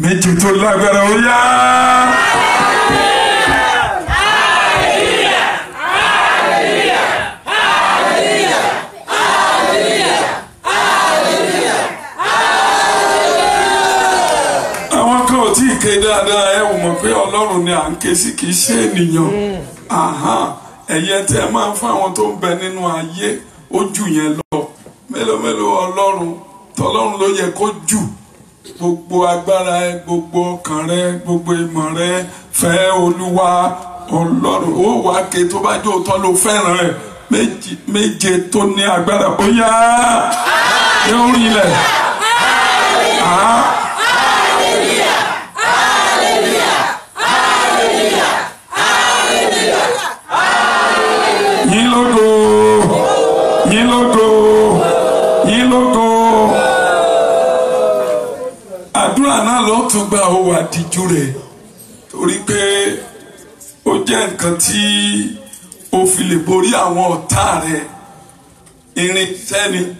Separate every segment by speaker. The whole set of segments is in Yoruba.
Speaker 1: méjì tó lágbára ó yá. àwọn kan ò tí ì ké dáadáa ẹ ò mọ̀ pé ọlọ́run ni à ń ké sí kì í ṣe ènìyàn ẹ̀yẹ tí ẹ máa ń fún àwọn tó ń bẹ nínú ayé ó jù yẹn lọ mélòó mélòó ọlọ́run tọ́lọ́run ló yẹ kó jù gbogbo agbára rẹ gbogbo ọkàn rẹ gbogbo ìmọ̀ rẹ fẹ́ olúwa ọlọ́run ó wàá ké tó bá jó tán ló fẹ́ràn rẹ méje tó ní agbára ó yá ẹ orin ilẹ̀. gbà ó wà díjú rẹ̀ torí pé ó jẹ́ nǹkan tí o fi lè borí àwọn ọ̀tá rẹ̀ irinṣẹ́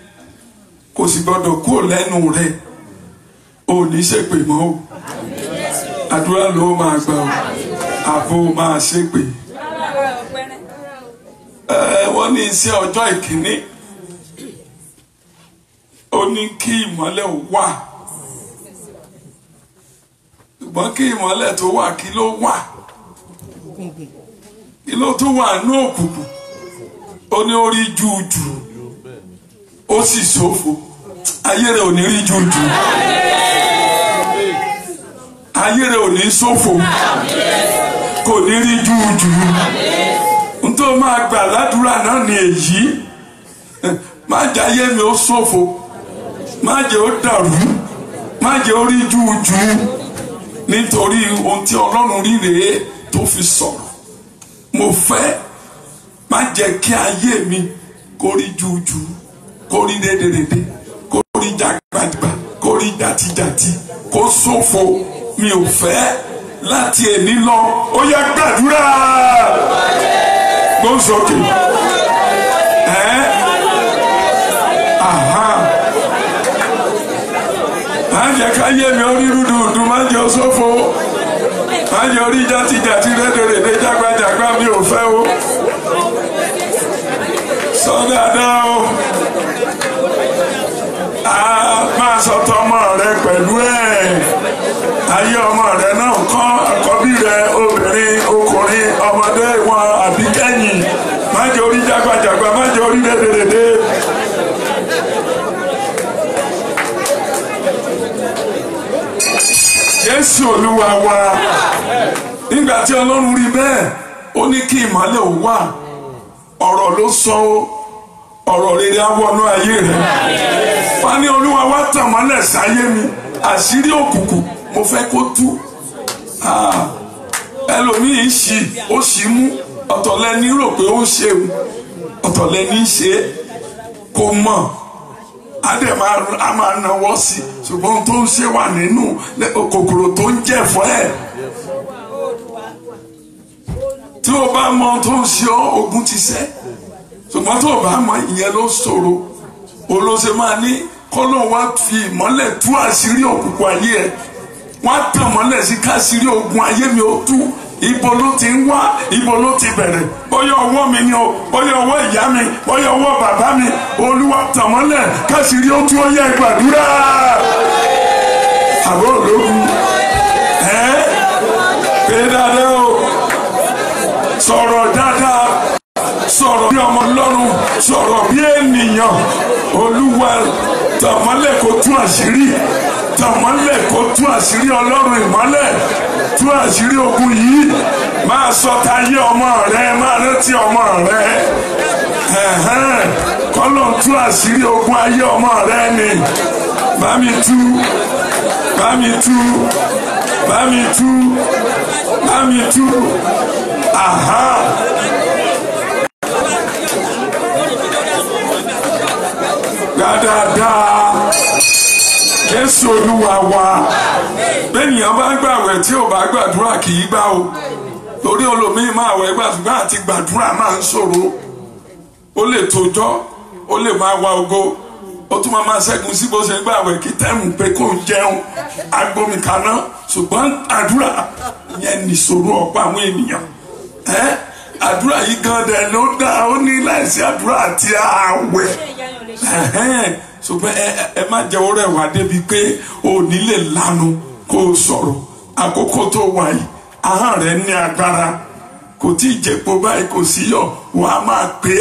Speaker 1: kò sì gbọ́dọ̀ kúrò lẹ́nu rẹ̀ ò ní ṣèpè mọ́ o àdúrà ló máa gbà o àbò máa ṣépè wọ́n ní iṣẹ́ ọjọ́ ìkíní ó ní kí ìmọ́lẹ̀ wà. ṣùgbọ́n kí ìmọ́lẹ̀ tó wà kí ló wà kí ló tó wà ní òkùnkùn ó ní ó rí júùjù ó sì ṣòfò ayé rẹ̀ ò ní rí júùjù ayé rẹ̀ ò ní ṣòfò kò ní rí júùjù n tó máa gbà ládùúrà náà ní èyí má jẹ́ ayé mi ó ṣòfò má jẹ́ ó dàrú má jẹ́ ó rí júùjù. nítorí ohun tí ọlọ́run rí rèé tó fi sọ̀rọ̀ mo fẹ́ má jẹ́ kí ayé mi kó rí juju kó rí rédèrèdè kó rí jàgbàjàgbà kó rí jàtijàti kó ṣòfò mi ò fẹ́ láti èní lọ ó yẹ gbàdúrà gbósókè. jẹ́ káyé mi ó rí rúdurùdu má jẹ́ ó ṣòfò má jẹ́ ó rí jàtijàti rédèrèdè jágbàjàgbà mi ò fẹ́ o sọ dáadáa o a máa sọ tọmọ rẹ pẹ̀lú ẹ̀ ayé ọmọ rẹ náà kọ́ àkọ́bí rẹ obìnrin ọkùnrin ọmọdé wọn. sí olúwa wa nígbà tí ọlọ́run rí bẹ́ẹ̀ ó ní kí ò wà ọ̀rọ̀ ló sọ ó ọ̀rọ̀ rere á wọnú ayé rẹ̀ wá ní olúwa wa tàn mọ́lẹ̀ sáyé mi àṣírí òkùnkùn mo fẹ́ kó tú ah, ṣì ó ṣì mú ọ̀tọ̀lẹ́ni rò pé àdèmà a máa náwó sí ṣùgbọ́n tó ń ṣe wà nínú kòkòrò tó ń jẹ́ ẹ̀fọ́ ẹ̀ tí o bá mọ tó ń ṣe ọ́ ogun ti ṣẹ́ ṣùgbọ́n tó o bá mọ ìyẹn ló ṣòro olóṣè máa ní kọ́lọ́ wa fi ìmọ́lẹ̀ tú àṣírí òkùnkùn ayé ẹ̀ wọ́n á tàn mọ́lẹ̀ sí káṣírí ogun ayé mi ó tú ibo ló ti ń wá ibo ló ti bẹ̀rẹ̀ bóyá ọwọ́ mi ni o bóyá ọwọ́ ìyá mi bóyá ọwọ́ bàbá mi olúwa tàmọ́lẹ̀ káṣírí ó tún ó yẹ ìgbàdúrà àbọ̀ ológun ẹ pé dáadáa o sọ̀rọ̀ dáadáa sọ̀rọ̀ bí ọmọ ọlọ́run sọ̀rọ̀ bí ènìyàn olúwa tàmọ́lẹ̀ kó tún àṣírí tàmọ́lẹ̀ kó tún àṣírí ọlọ́run ìmọ́lẹ̀ tú àṣírí ogun yìí máa sọ táyé ọmọ rẹ máa rántí ọmọ rẹ kọ́lọ̀ tú àṣírí ogun ayé ọmọ rẹ ni bámi tú bámi tú bámi tú bámi tú aha. dáadáa jésù olúwa wa bẹ́ẹ̀nìyàn bá ń gbàwẹ̀ tí ò bá gbàdúrà kì í gbà o torí olómi máa wẹ̀ gbàdúrà àti gbàdúrà máa ń ṣòro ó lè tójọ́ ó lè máa wa ògo ó tún máa máa ṣẹ́gun sí bó ṣe ń gbàwẹ̀ kí tẹ́mù pé kò ń jẹun agbomi kaná ṣùgbọ́n àdúrà yẹn nìṣòro ọ̀pọ̀ àwọn ènìyàn ẹ́ àdúrà yìí gan-an dẹ̀ ló dáa ó ní láìsí àdúrà àti ààwẹ̀ ṣùgbọ́n ẹ má jẹ́ ọ̀rọ̀ ẹ̀wà débi pé o ní lè lanu kó o sọ̀rọ̀ àkókò tó wà yìí ahọ́n rẹ ní agbára kò tí ì jẹ́po báyìí kò sí á máa pé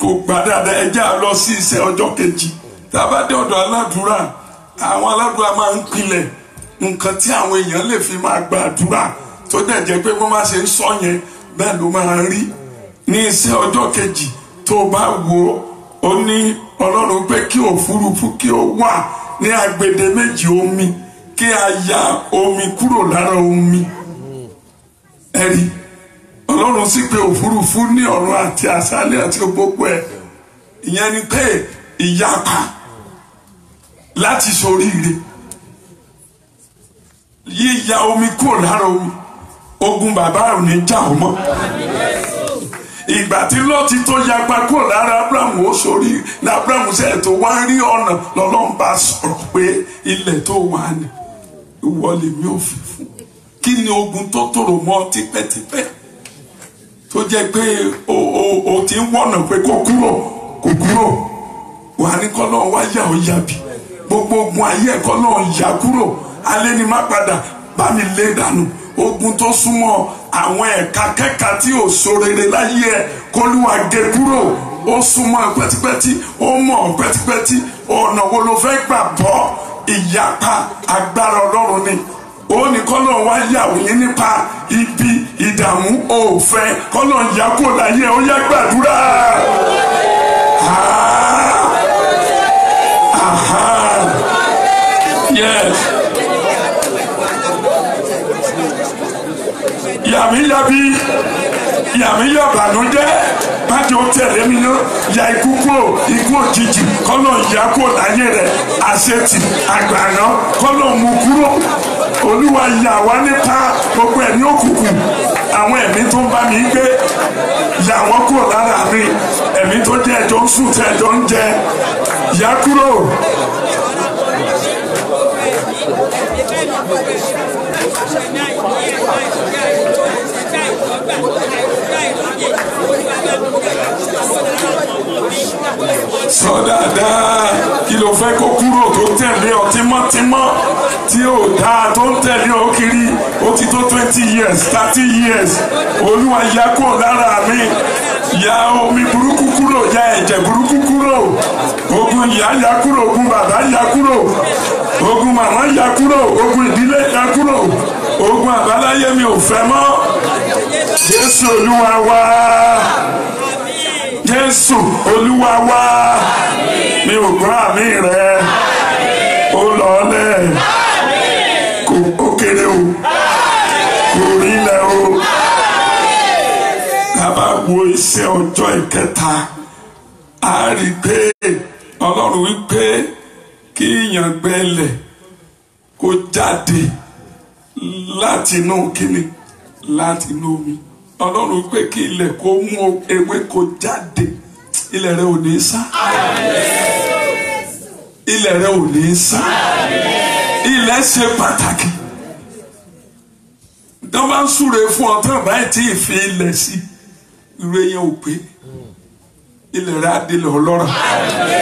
Speaker 1: kò gbà dáadáa lọ sí iṣẹ́ ọjọ́ kejì tábà ọ̀dọ̀ aládùúrà àwọn aládùúrà máa ń nǹkan tí àwọn fi máa gba àdúrà tó dẹ̀ jẹ́ pé wọ́n ṣe ń sọ yẹn bẹ́ẹ̀ ló máa rí ní iṣẹ́ ọjọ́ kejì tó bá ó ní ọlọ́run pé kí òfurufú kí ó wà ní agbede méjì omi kí a ya omi kúrò lára omi ẹ̀rí ọlọ́run sì pé òfurufú ní ọ̀run àti àṣálẹ̀ àti gbogbo ẹ̀ ìyẹn ni pé ìyapa láti ṣoríire yíya omi kúrò lára omi ogun bàbá ò ní jà ìgbà tí lọ́ọ̀tì tó yapa kúrò lára abrahamu ó sórí ní abrahamu sẹ́yìn tó wá rí ọ̀nà lọ́lọ́run bá sọ̀rọ̀ pé ilẹ̀ tó wà ní ìwọlé mi ò fi fún kí ni ogun tó tòrò mọ́ tipẹ́tipẹ́ tó jẹ́ pé o o o ti ń wọ̀nà pé kó kúrò kó kúrò wà ní kọ́lọ́ wáyà ó yàbí gbogbo ogun ayé ẹ̀kọ́ náà yà kúrò alẹ́ ni má padà bá mi lé dànù ogun tó súnmọ́ àwọn ẹ̀ka kẹ́ka tí ò sorere láyé ẹ̀ kólúwa gé kúrò ó súnmọ́ ẹ pẹ́tipẹ́ti ó mọ̀ ọ́ pẹ́tipẹ́ti ọ̀nà wo ló fẹ́ gbà bọ́ ìyapa agbára ọlọ́run ni ó ní kọ́lọ̀ wá yàwó yín nípa ibi ìdààmú òfẹ́ kọ́lọ̀ yà kó láyé ó yá gbàdúrà. Yes. yàmi yàbi yàmi yọ̀bànújẹ́ bájọ ó tẹ̀lé mi ná ya ikú kúrò ikú òjijì kọ́nà ìyá kúrò láyé rẹ̀ àṣetì àgbàná kọ́nà mú kúrò olúwa yà wá nípa gbogbo ẹ̀mí òkùnkùn àwọn ẹ̀mí tó ń bá mi gbé yà wọ́n kúrò lára mi ẹ̀mí tó jẹ́ ẹjọ́ ń sùn tẹ́ ẹjọ́ ń jẹ yà kúrò. Thank
Speaker 2: you sọ dáadáa
Speaker 1: kí ló fẹ́ kó kúrò tó tẹ̀lé ọ tímọ́tímọ́ tí ò dáa tó ń tẹ̀lé ọ kiri ó ti tó twenty years thirty years olúwa yà kúrò lára mi ya omi burúkú kúrò ya ẹ̀jẹ̀ burúkú kúrò ogun ìyá ya kúrò ogun bàbá ya kúrò ogun màmá ya kúrò ogun ìdílé ya kúrò ogun àbáláyé mi ò fẹ́ mọ́ jésù olúwa wá jésù olúwa wá mi ò gbọ́ àmì rẹ ó lọ́ọ́lẹ̀ kò kéré o kò rílẹ̀ o bàbá wo iṣẹ́ ọjọ́ ìkẹta a rí i pé ọlọ́run wí pé kí ìyàngbẹ́lẹ̀ kó jáde láti inú kíni láti inú omi ọlọ́run pé kí ilẹ̀ kó mú ewé kó jáde ilẹ̀ rẹ ò ní sá ilẹ̀ rẹ ò ní sá ilẹ̀ ṣe pàtàkì tó bá ń súre fún ọ tó báyìí tí ì fi ilẹ̀ sí ire yẹn ò pé ilẹ̀ rẹ adilẹ̀ ọlọ́rọ̀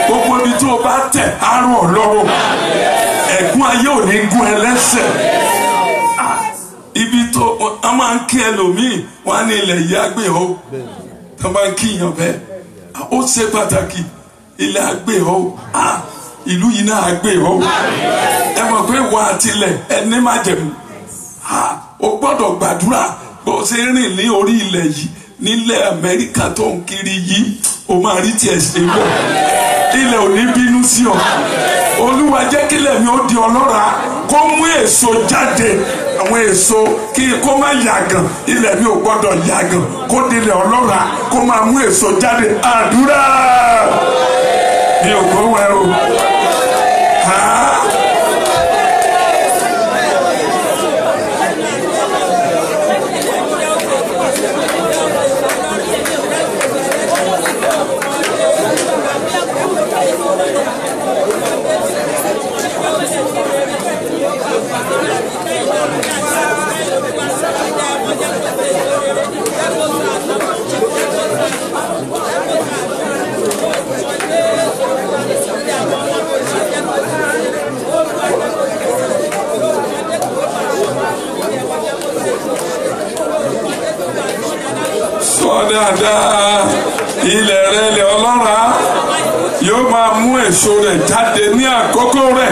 Speaker 1: gbogbo ibi tó o bá tẹ̀ àrùn ọlọ́rọ̀ ẹ̀gún ayé ò ní gún ẹ lẹ́sẹ̀ ibi tó a máa ń kí ẹlòmíì wọn á ní ilẹ̀ yìí á gbé o tó bá ń kíyàn bẹ́ẹ̀ ó ṣe pàtàkì ilẹ̀ á gbé o ìlú yìí náà á gbé o ẹ mọ̀ pé wà á tilẹ̀ ẹni má jẹ̀mú o gbọ́dọ̀ gbàdúrà bó ṣe rìn ní orí ilẹ̀ yìí nílẹ̀ Amẹ́ríkà tó ń kiri yìí o máa rí tiẹ̀ ṣe wọ̀ ilẹ̀ ò ní bínú sí ọ olúwa jẹ́ kílẹ̀ mi ó di ọlọ́ra kó mú èso jáde àwọn èso kí kó má yàgàn ilẹ̀ mi ò gbọ́dọ̀ yàgàn kó dilẹ̀ ọlọ́ra kó máa mú èso jáde àdúrà mi ò gbọ́ wẹ́rù. sọ dáadáa ilẹ̀ rẹ ilẹ̀ ọlọ́ra yóò máa mú èso rẹ̀ jáde ní àkókò rẹ̀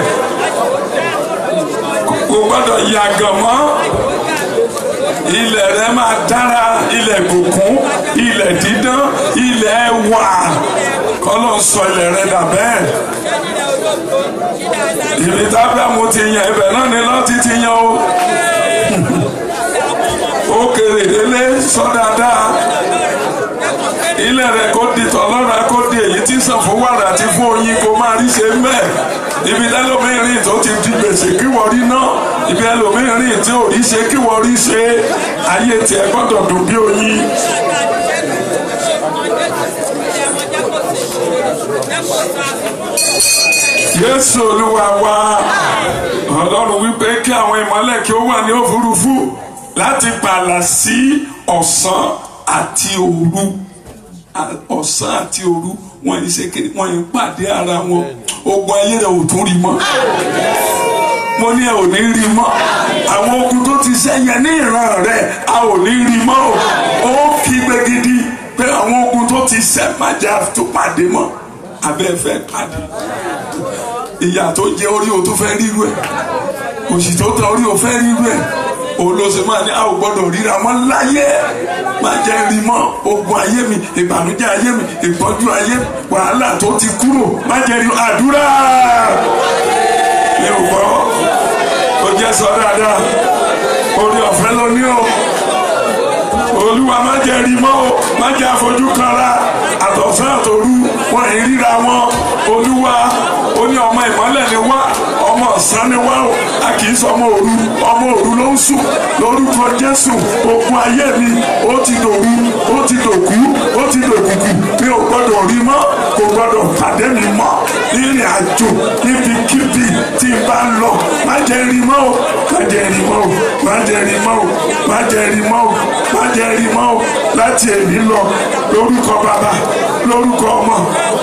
Speaker 1: kò gbọ́dọ̀ yàgàn mọ́ ilẹ̀ rẹ máa dára ilẹ̀ gògùn ilẹ̀ dídán ilẹ̀ wà kọ́lọ́ sọ ilẹ̀ rẹ dà bẹ́ẹ̀ ìrìtà bẹ́ẹ̀ mo ti yan ibẹ̀ náà ni lọ́ọ́ ti ti yan o òkèrè délé sọ dáadáa ilé rẹ kó di tọlọ́ra kó di èyí tí sàn fún wàrà àti fún oyin kó máa rí ṣe mẹ́ ibi ẹlòmíràn tó ti di gbèsè kí wọ́n rí náà ibi ẹlòmíràn tí ò rí ṣe kí wọ́n rí ṣe ayé tiẹ̀ gbọ́dọ̀ dùn bí oyin. Jésù Olúwa wa Ọlọ́run wípé kí àwọn ìmọ́lẹ̀ kí ó wà ní òfurufú láti pààlà sí ọ̀sán àti òru ọ̀sán àti òru wọ́n yìí ṣe kéde wọ́n yìí pàdé ara wọn ogun ayé rẹ̀ ò tún rí mọ́ mo ní ẹ ò ní rí mọ́ àwọn ogun tó ti ṣẹ́yẹ ní ìran rẹ̀ a ò ní rí mọ́ o ó kígbe gidi pé àwọn ogun tó ti ṣẹ́ májà tó pàdé mọ́ abẹ́fẹ́ pàdé ìyà tó jẹ orí o tó fẹ́ rí rú ẹ̀ òṣì tó tẹ orí o fẹ́ rí rú ẹ̀ olóṣè máa ní a ò gbọ́dọ̀ ríra wọn láyé má jẹ́ rí mọ́ ogun ayé mi ìbànújẹ́ ayé mi ìpọ́njú ayé wàhálà tó ti kúrò má jẹ́ rí àdúrà mi ò o. ó jẹ́ sọ dáadáa orí ọ̀fẹ́ ló ní o olúwa má jẹ́ rí mọ́ o má jẹ́ àfojú kanra àtọ̀sán àtòru wọn ì wọn olúwa ó ní ọmọ ìmọ́lẹ̀ ni wá ọ̀sán ni wá o a kì í sọ ọmọ òru ọmọ òru ló ń sùn lórúkọ Jésù ogun ayé mi ó ti dòru ó ti dòkú ó ti dòkùkù mi ò gbọdọ̀ rí mọ́ kò gbọdọ̀ pàdé mi mọ́ ìrìn àjò níbikíbi tí n bá ń lọ má jẹ́ rí mọ́ o má jẹ́ rí mọ́ o má jẹ́ rí mọ́ o má jẹ́ rí mọ́ o má jẹ́ rí mọ́ o láti èmi lọ lórúkọ bàbá lórúkọ ọmọ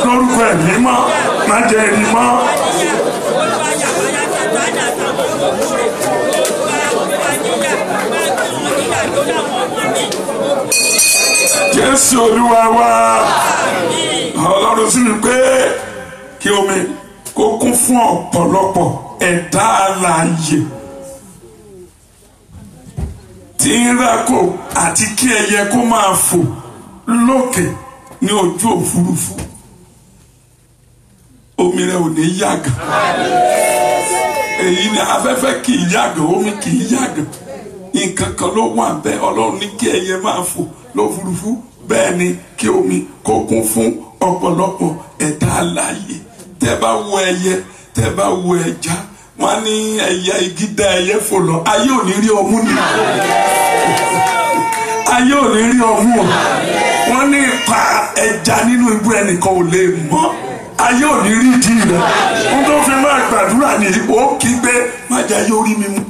Speaker 1: lórúkọ ẹ̀mí mọ́ má jẹ́ rí mọ́ jésù olúwa wa ọlọ́run sì ní pé kí omi kó kún fún ọ̀pọ̀lọpọ̀ ẹ̀dá alààyè tí ń rákò àti kí ẹyẹ kó máa fò lókè ní ojú òfurufú omi rẹ ò ní yàgàn èyí ni afẹ́fẹ́ kì í yàgò omi kì í yàgò nǹkan kan ló wà bẹ́ẹ̀ ọlọ́run ní kí ẹyẹ máa fò lófurufú bẹ́ẹ̀ ni kí omi kó kún fún ọ̀pọ̀lọpọ̀ ẹ̀dá alààyè tẹ́ bá wo ẹyẹ tẹ́ bá wo ẹja wọ́n ní ẹyẹ igi dá ẹyẹ fò lọ ayé ò ní rí ọmú ni ayé ò ní rí ọmú o wọ́n ní ipa ẹja nínú igbó ẹnìkan ò lè mọ́ ayé ò ní rí ìdí rẹ̀ wọ́n tó fi gbàdúrà ní ó kí pé má jẹ́ yóò rí mi mú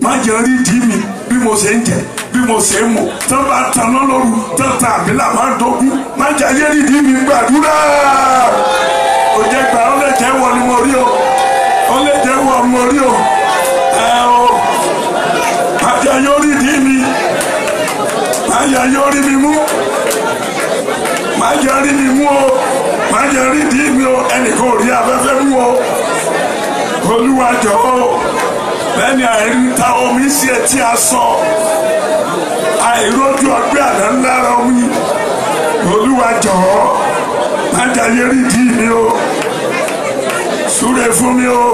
Speaker 1: má jẹ́ rí dì mí bí mo ṣe ń jẹ bí mo ṣe ń mu tán bá taná lóru tán ta àbílà máa ń má jẹ́ ayé gbàdúrà ni mo o ó lè wọ o ẹ o má jẹ́ yóò rí dì mí má jẹ́ yóò rí mi mú má mi mú o má jẹ́ rí dì o ò rí o. olúwa jọ̀ọ́ bẹ́ẹ̀ ni àìríta omi sí etí asọ àìrójú ọgbẹ́ àná ńlá rọ wí olúwa jọ̀ọ́ má jẹ́ ayé rí ìdí o súre fún mi o.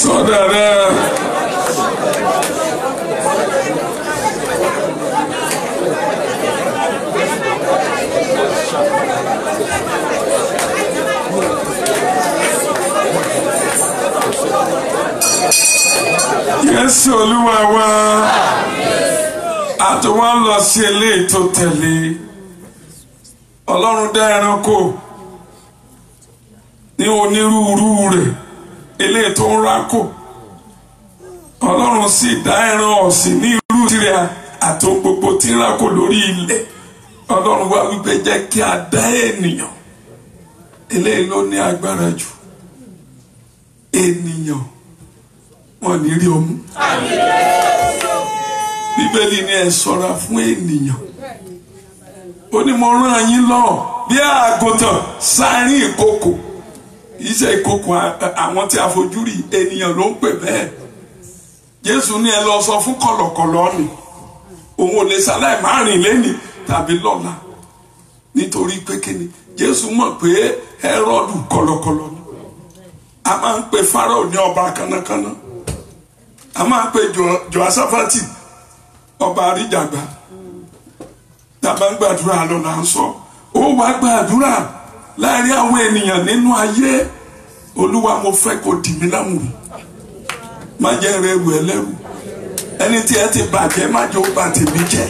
Speaker 2: sọ dáadáa.
Speaker 1: Jésù Olúwa wa àti wọn lọ sí eléyìí tó tẹ̀lé ọlọ́run dá ẹranko ní onírúurú rẹ̀ eléyìí tó ń rákò ọlọ́run sì dá ẹran ọ̀sìn ní irú tirẹ̀ àti gbogbo tí ń rákò lórí ilẹ̀ ọlọ́run wá wípé jẹ́ kí a dá ènìyàn eléyìí ló ní agbára jù ènìyàn wọn ní rí ọmú bíbélì ni ẹ ṣọ́ra fún ènìyàn. ó ní mo rán yín lọ́ọ̀ bí àgùntàn sáárín ìkòkò iṣẹ́ ìkòkò àwọn tí a fojú rí ènìyàn ló ń pè bẹ́ẹ̀ Jésù ní ẹ lọ fún kọ̀lọ̀kọ̀lọ̀ ni òun ò lè ṣaláì má rìn tàbí lọ́la nítorí pé Jésù mọ̀ pé a máa ń pe ní a máa ń pe ọba tàbá ń gbàdúrà lọ là ń sọ ó wá gbàdúrà láàrin àwọn ènìyàn nínú ayé olúwa mo fẹ́ kó dì mí láwùrì má jẹ́ rẹrù ẹlẹ́rù ẹni tí ẹ ti bàjẹ́ má jẹ́ ó bà tèmi jẹ́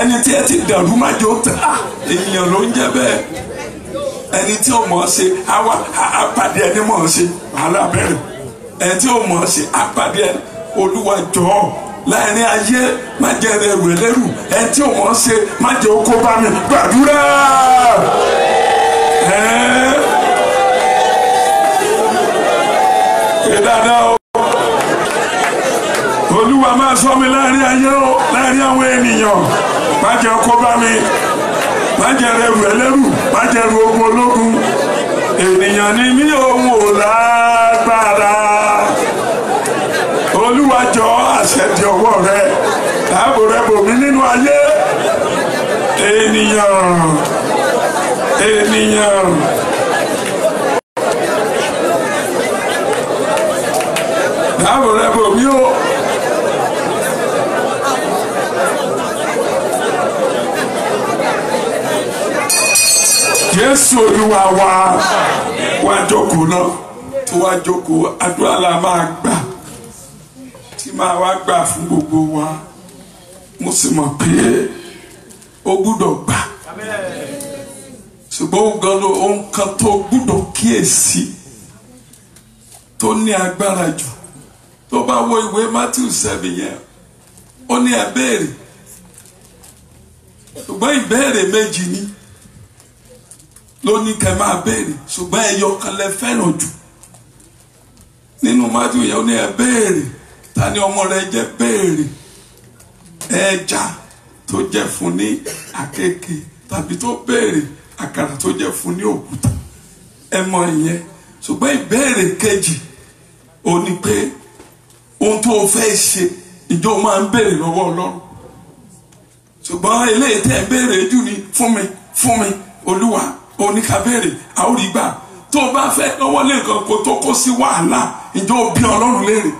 Speaker 1: ẹni tí ẹ ti dàrú má jẹ́ ó tà á ah, ènìyàn ló ń jẹ́ bẹ́ẹ̀ ẹni tí ó mọ̀ ọ́ ṣe àwa àpàdé ẹni mọ̀ ọ́ ṣe wàhálà ẹni tí ó mọ̀ ọ́ ṣe àpàdé ẹni olúwa jọ̀ọ́ láàrin ayé má jẹ ẹrù ẹlẹ́rù ẹ tí ò ṣe má jẹ okó bá mi gbàdúrà. ṣe dáadáa o olúwa máa sọ mi láàrin ayé o láàrin àwọn ènìyàn má jẹ okó bá mi má jẹ ẹrù ẹlẹ́rù má jẹ ẹrù ogun ológun ènìyàn ni mí òun ò lágbára yọ àṣẹ di ọwọ́ rẹ dáàbò rẹ bòmí nínú ayé ènìyàn ènìyàn. dáàbò rẹ bòmí o. jésù olúwa wa jókòó náà tí wàá jókòó àdúrà la máa gbà máa wá gbà fún gbogbo wa mo sì mọ̀ pé ó gbúdọ̀ gbà ṣùgbọ́n ògan ló ohun kan tó gbúdọ̀ kíyèsí tó ní agbára jù tó bá wo ìwé Matthew seven yẹn ó ní ẹ béèrè ṣùgbọ́n ìbéèrè méjì ni ló ní kẹ́ máa béèrè ṣùgbọ́n ẹyọ kan lẹ fẹ́ràn jù nínú Matthew yẹn ó ní ẹ tani ni ọmọ rẹ jẹ́ béèrè ẹja tó jẹ́ fún ní àkekèé tàbí tó béèrè àkàrà tó jẹ́ fún ní òkúta ẹ mọ ìyẹn ṣùgbọ́n ìbéèrè kejì ò ní pé ohun tó o fẹ́ ṣe ìjọ máa ń béèrè lọ́wọ́ ọlọ́run ṣùgbọ́n eléyìí tẹ́ ẹ béèrè jù ní fún mi fún mi olúwa oníkàbéèrè àórígbà tó o bá fẹ́ lọ́wọ́ lẹ́ẹ̀kan kó tó kó sí wàhálà ìjọ bí ọlọ́run léèrè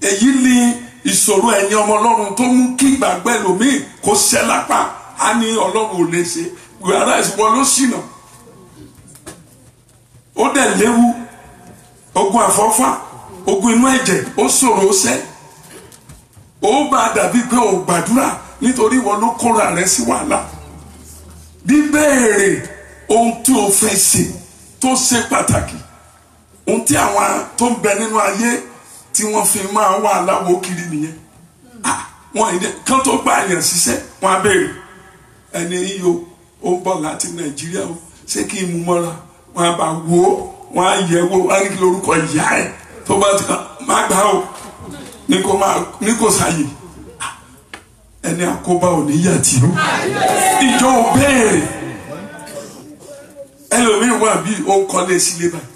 Speaker 1: èyí ni ìṣòro ẹ̀yin ọmọ ọlọ́run tó mú kí ìgbàgbọ́ ẹlòmíì kó ṣẹ́ lápá á ní ọlọ́run ò lè ṣe gbàrà ìṣùpọ̀ ló ṣìnà ó dẹ̀ léwu ogun àfọ́fá ogun inú ẹ̀jẹ̀ ó ṣòro ó ṣẹ́ ó bá dàbí pé ò gbàdúrà nítorí ìwọ ló kóra rẹ sí wàhálà bíbéèrè ohun tí o fẹ́ ṣe tó ṣe pàtàkì ohun tí àwọn tó ń bẹ nínú ayé tí wọ́n fi máa wà láwo kiri nìyẹn ah, wọn ìdẹ kán tó gba àyàn ṣiṣẹ́ wọn abẹ́rẹ́ ẹni yìí ó ń bọ̀ láti nàìjíríà o ṣé kí n mú mọ́ra wọn àbá wo wọn á yẹ wo wọn á ní kí lórúkọ ìyá ẹ tó bá ti má gbà o ní kò má ní kò sáyè ah, ẹni àkóbá ò ní yà tì ó ìjọ ò bẹ́ẹ̀rẹ̀ ẹlòmíràn wà bí ó ń kọ́lé sílé báyìí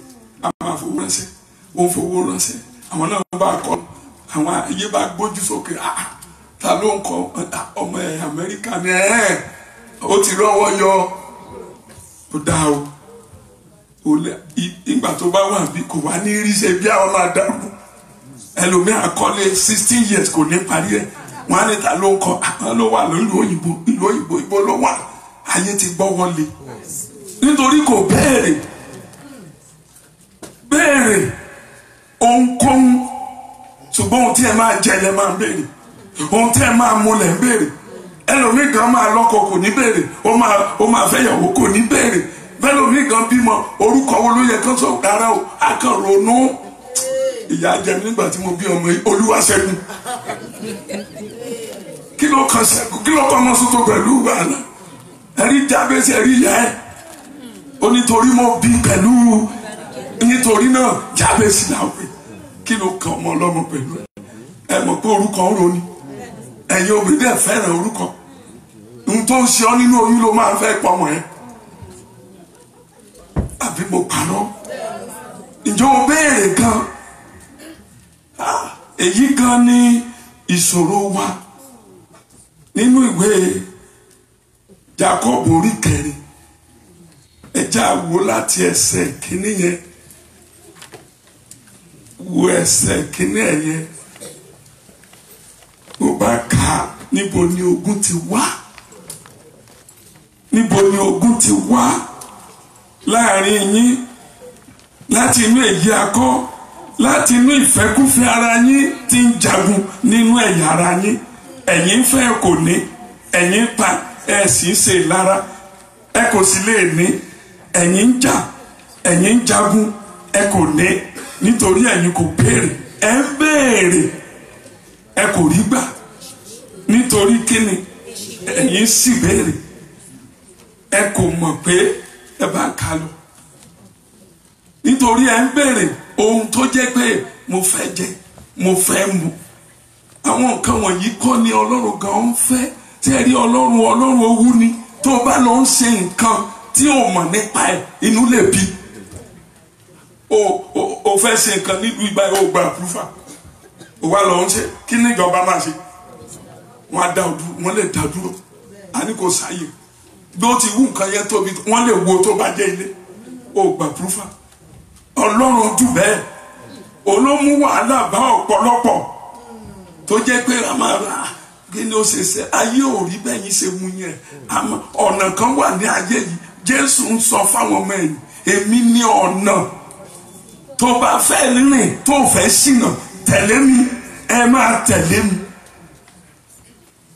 Speaker 1: àwọn àfowó ránṣẹ́ ó àwọn náà bá kọ àwọn ayé bá gbójú sókè ah, ah ta ló ń kọ ah, ọmọ ẹ Amẹ́ríkà ni ẹ ó ti lọ́wọ́ yọ ó dá o ìgbà tó bá wà bí kò wá ní ríṣẹ́ bí àwọn máa dárúkọ ẹlòmíràn kọ́lé sixteen years kò ní parí ẹ̀ wọ́n á ní ta ló ń kọ àwọn ah, ló wà lóyún òyìnbó ìlú òyìnbó ìbò ló wà ayé ti gbọ́ wọlé nítorí kò béèrè béèrè
Speaker 2: ohunkóhun
Speaker 1: ṣùgbọ́n ohun tí ẹ máa jẹ lẹ máa ń béèrè ohun tí ẹ máa mu lẹ ń béèrè ẹlòmíì gan máa lọ́kọ kò ní béèrè ó máa fẹ́yàwó kò ní béèrè bẹ́lòmíì gan bímọ orúkọ wo ló yẹ kán sọ rárá o akànronú ìyá jẹ nígbà tí mo bí ọmọ yìí olúwa ṣẹ́gun kí ló kàn ṣẹ́gun kí ló kàn ọmọ sọ́tọ̀ pẹ̀lú wàhálà ẹ̀rí jábẹ́sì ẹ̀rí yẹ ẹ́ ó mo bí pẹ̀lú nítorí náà jábẹ́sì làwọn kí ló kan ọmọ ọlọ́mọ pẹ̀lú ẹ̀ ẹ mọ̀ pé orúkọ ń ronú ẹ̀yin obìnrin dẹ̀ fẹ́ràn orúkọ ohun tó ń ṣe ọ́ nínú oyún ló máa ń fẹ́ pọ̀ mọ́ ẹ àbí mo parọ́ ǹjẹ́ o gan èyí gan ni ìṣòro wa nínú ìwé Jacob orí kẹrin ẹ já wo láti ẹsẹ̀ kìíní wo kínní ẹ̀yẹ mo bá ka ogun ti wá níbo ni ogun ti wá láàrin yín láti inú èyí akọ láti ìfẹ́kúfẹ́ ara yín ti ń jagun nínú ẹ̀yà ara yín ẹ̀yin kò ní pa sì ń ṣe lára ẹ kò sì lè ní ń jà ń nítorí ẹ̀yin kò béèrè ẹ ń béèrè ẹ kò rí gbà nítorí kíni ẹ̀yin sì béèrè ẹ kò mọ̀ pé ẹ bá ka lọ nítorí ẹ ń béèrè ohun tó jẹ́ pé mo fẹ́ jẹ mo fẹ́ mu àwọn nǹkan wọ̀nyí kọ́ ni ọlọ́run gan ń fẹ́ tí ẹ rí ọlọ́run ọlọ́run owú ni tó bá lọ ń ṣe nǹkan tí ò mọ̀ nípa ẹ̀ inú lè bí o o fẹ́ ṣe nǹkan nílùú ìgbà yìí o gba àpúrúfà o wá lọ ń ṣe kí ni ìjọba máa ṣe wọn á dá o dúró wọn lè dá dúró àní kò sáyè bí ó ti wú nǹkan yẹn tóbi wọn lè wo tó bá jẹ́ ilé o gba àpúrúfà ọlọ́run jù bẹ́ẹ̀ olómú wàhálà bá ọ̀pọ̀lọpọ̀ tó jẹ́ pé a máa ra kí ni ó ṣe ṣe ayé ò rí bẹ́ẹ̀ yín ṣe mú yẹn ọ̀nà kan wà ní ayé yìí Jésù ń sọ fáwọn ọmọ ẹ̀yìn èmi ni ọ̀nà tó bá fẹ́ rìn tó fẹ́ ṣìnà tẹ̀lé mi ẹ máa tẹ̀lé mi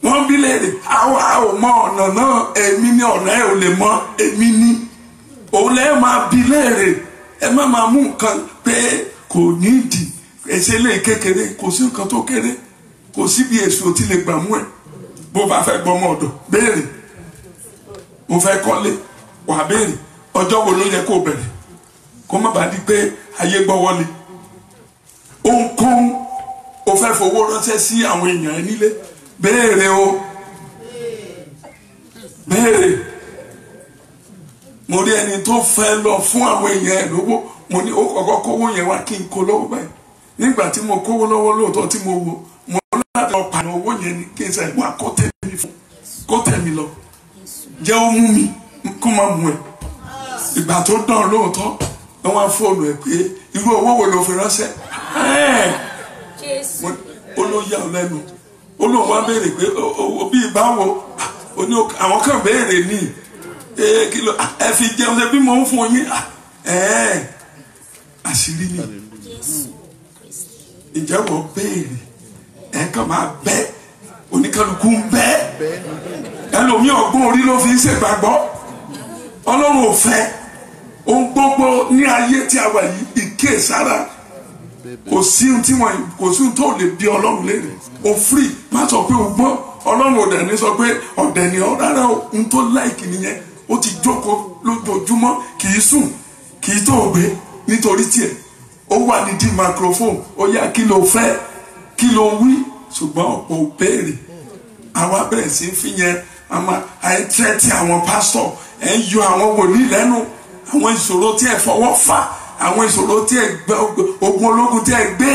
Speaker 1: wọ́n bí léèrè àwa ò mọ ọ̀nà náà èmi ni ọ̀nà ẹ ò lè mọ èmi ni òun lẹ́ẹ̀ máa bí léèrè ẹ má máa mú nǹkan pé kò nídìí ẹsẹ̀ lè kékeré kò sí nǹkan tó kéré kò sí bí èso tí lè gbà mú ẹ bó bá fẹ́ gbọ́mọ ọ̀dọ̀ béèrè o fẹ́ kọ́lé wàá béèrè ọjọ́ wo ló yẹ kó bẹ̀rẹ̀ kó má bàa di pé ayé gbọ́wọ́ le ohunkóhun o fẹ́ fowó ránṣẹ́ sí àwọn èèyàn ẹ nílé béèrè o béèrè mo rí ẹni tó fẹ́ lọ fún àwọn èèyàn ẹ lówó mo ní ó kọ́kọ́ kówó yẹn wá kí n kó lọ́wọ́ báyìí nígbà tí mo kówó lọ́wọ́ lóòótọ́ tí mo wò mo láti lọ pààyàn owó yẹn ní kí n sẹ́ wá kó tẹ̀mí fún kó tẹ̀mí lọ jẹ́ ó mú mi kó má mú ẹ̀ ìgbà tó dán lóòótọ́ wọ́n wá fóònù ẹ̀ pé irú owó wo ló fi ránṣẹ́ ó ló yà ọ́ lẹ́nu ó lóun wá béèrè pé bí báwo àwọn kan béèrè ní ẹ fi jẹun ṣe bí mo ń fún yín àṣírí ni ǹjẹ́ wọ́n béèrè ẹ̀ kàn máa bẹ́ oníkálukú ń bẹ́ ẹlòmíì ọgbọ́n orí ló fi ń ṣègbàgbọ́ ọlọ́run ò fẹ́ ohun gbogbo ní ayé tí a wà yìí ìké sára kò sí ohun tí wọn kò sí ohun tó lè bí ọlọ́run léèrè o free má sọ pé o gbọ́ ọlọ́run ọ̀dẹ̀ ni sọ pé ọ̀dẹ̀ ni ọ rárá ohun tó láìkì nìyẹn ó ti jókòó lójoojúmọ́ kì í sùn kì í tó o gbé nítorí tiẹ̀ ó wà nídìí microphone ó yá kí ló fẹ́ kí ló wí ṣùgbọ́n ọ̀pọ̀ ò béèrè àwa bẹ̀rẹ̀ sí fi yẹn àmọ́ àìtẹ́tí àwọn pásítọ̀ ẹ̀ ń yọ àwọn wòlíì lẹ́nu àwọn ìṣòro tí ẹ fọwọ́ fà àwọn ìṣòro tí ẹ gbẹ ogun ológun tí ẹ gbé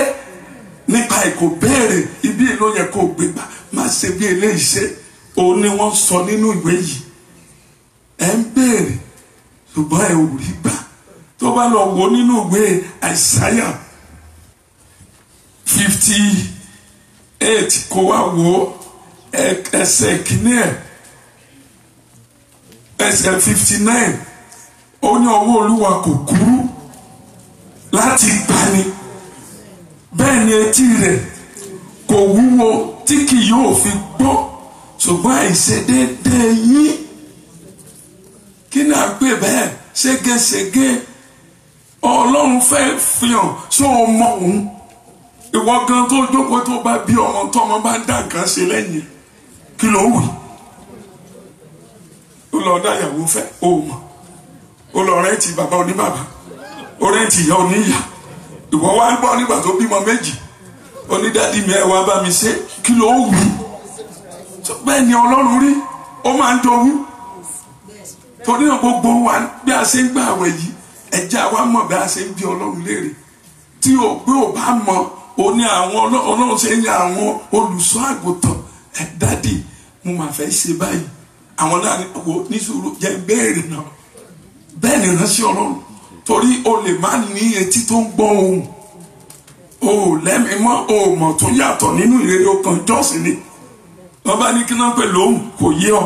Speaker 1: nípa ìkò béèrè ibi ìlú yẹn kò gbégbá má ṣe bí eléyìí ṣe òun ni wọ́n sọ nínú ìwé yìí ẹ ń béèrè ṣùgbọ́n ẹ ò rí gbà tó bá lọ wò nínú ìwé àìsáyà fifty eight kó wá wò ẹsẹ̀ kìíní ẹ̀ fifty nine ó ní ọwọ́ olúwa kò kúrú láti pani bẹ́ẹ̀ ni etí rẹ̀ kò wúwo tí kì yóò fi gbọ́ ṣùgbọ́n àìṣedéédé yín kí ni a pè bẹ́ẹ̀ ṣégeṣége ọlọ́run fẹ́ fi hàn ṣó o mọ òun ìwọ gan tó jókòó tó bá bí ọmọ tọmọ bá ń dá nǹkan ṣe lẹ́yìn kí ló wù ó lọ dáyàwó fẹ́ ó mọ̀ ó lọ rẹ́ǹtì bàbá oníbàbá ó rẹ́ǹtì ìyá oníyà ìwọ wá ń gbọ́ nígbà tó bímọ méjì onídàdí mi ẹ bá mi ṣe kí ló wù ú bẹ́ẹ̀ ni ọlọ́run rí ó máa ń dọwú torí náà gbogbo wa bí a ṣe ń gbà àwẹ̀ yìí ẹ̀jẹ̀ àwa mọ̀ bí a ṣe ń bí ọlọ́run léèrè tí o gbé ò bá mọ̀ o ní àwọn ọlọ́run ṣe ń yan àwọn olùṣọ́ àgùntàn ẹ̀ mo máa fẹ́ ṣe báyìí àwọn náà ní sùúrù jẹ́ bẹ́ẹ̀rẹ̀ náà bẹ́ẹ̀ ni ránṣẹ́ ọlọ́run torí o lè má ní etí tó ń gbọ́ ohùn o ò lẹ́mìí mọ́ o ò mọ̀ tó yàtọ̀ nínú ìrere ọkàn jọ́sìn ni wọ́n bá ní kí náà pè lóhùn kò yé ọ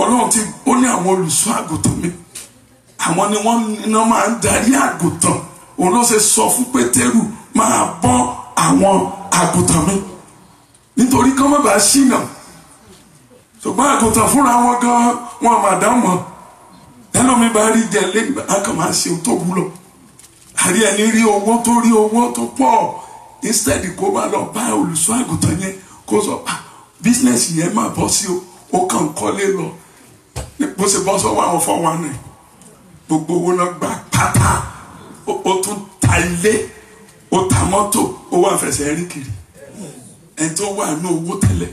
Speaker 1: ọlọ́run ti ó ní àwọn olùṣọ́ àgùntàn mi àwọn ni wọ́n iná máa ń darí àgùntàn òun ló ṣe sọ fún pétérù máa bọ́ àwọn àgùntàn mi nítorí kọ́mọ́bà ṣìnà ṣùgbọ́n àgùntàn fúnra wọn gan wọn àmàdá wọn tẹ́lọ̀ mi bá rí jẹ lẹ́yìn a kàn máa ṣe tó wúlò àrí ẹni rí owó tó rí owó tó pọ̀ instead kó bá lọ bá olùṣọ́ àgùntàn yẹn kó sọ ah business yẹn máa bọ́ sí o ó kàn kọ́lé lọ bó ṣe bọ́ sọ́wọ́ àwọn fọ́ wọn rìn gbogbo owó náà gbà pátá ó tún ta ilé ó ta mọ́tò ó wà fẹsẹ̀ rí kiri ẹni tó wà ní owó tẹ́lẹ̀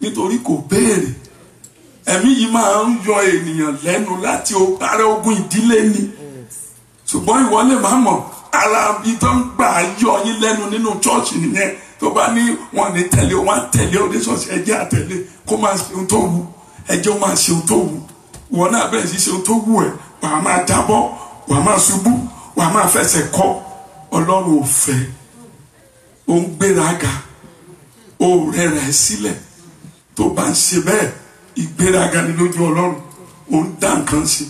Speaker 1: nítorí kò béèrè ẹ̀mí yìí máa ń yọ ènìyàn lẹ́nu láti ara ogun ìdílé ni ṣùgbọ́n ìwọ lè má mọ̀ ara ìtọ́ ń gbà yọ yín lẹ́nu nínú chọ́ọ̀chì nìyẹn tó bá ní wọn ní tẹ̀lé wọn tẹ̀lé oníṣọ́ọ̀ṣì ẹjẹ́ àtẹ̀lé kó máa ṣe ohun tó wù ẹjẹ́ ó máa ṣe ohun tó wù ìwọ náà bẹ̀rẹ̀ sí ṣe ohun tó wù ẹ̀ wà á máa jábọ́ wà á máa ṣubú wà á máa fẹsẹ̀ kọ́ ọlọ́run ò fẹ́ ó ń gbéraga ó rẹ̀ rẹ̀ sílẹ̀ tó bá ń ṣe bẹ́ẹ̀ ìgbéraga ni lójú ọlọ́run ò ń dá nǹkan sí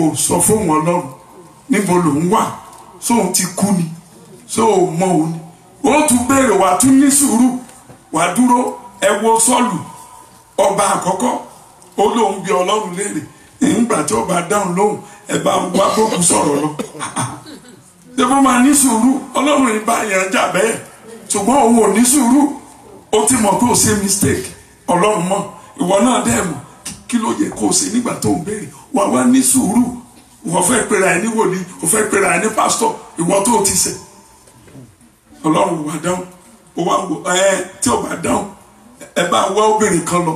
Speaker 1: ò sọ fóun ọlọ́run níbo lòun wà sóun ti kú ni sóun mọ òun ni ó tún béèrè wàá tún ní sùúrù wàá dúró ẹ wo sọ́ọ̀lù ọba àkọ́kọ́ ó lóun bí ọlọ́run léèrè nígbà tí ọba dáhùn lóhùn ẹ bá ń wá bókun sọ̀rọ̀ lọ ṣé fún ma ní sùúrù ọlọ́run ìbá yẹn jà bẹ́ẹ̀ ṣùgbọ́n òun ò ní sùúrù ó ti mọ̀ pé ó ṣe mistake ọlọ́run mọ̀ ìwọ náà dẹ̀ mọ̀ kí ló yẹ kó o ṣe nígbà tó ń béèrè wà wá ní sùúrù wọ́n fẹ́ pera ẹ ní wòlíì o fẹ́ pera ẹ ní pásítọ̀ ìwọ tó ti ṣẹ̀ ọlọ́run wà dáhùn ó wá wò ẹ tí ò bá dáhùn ẹ bá wá obìnrin kan lọ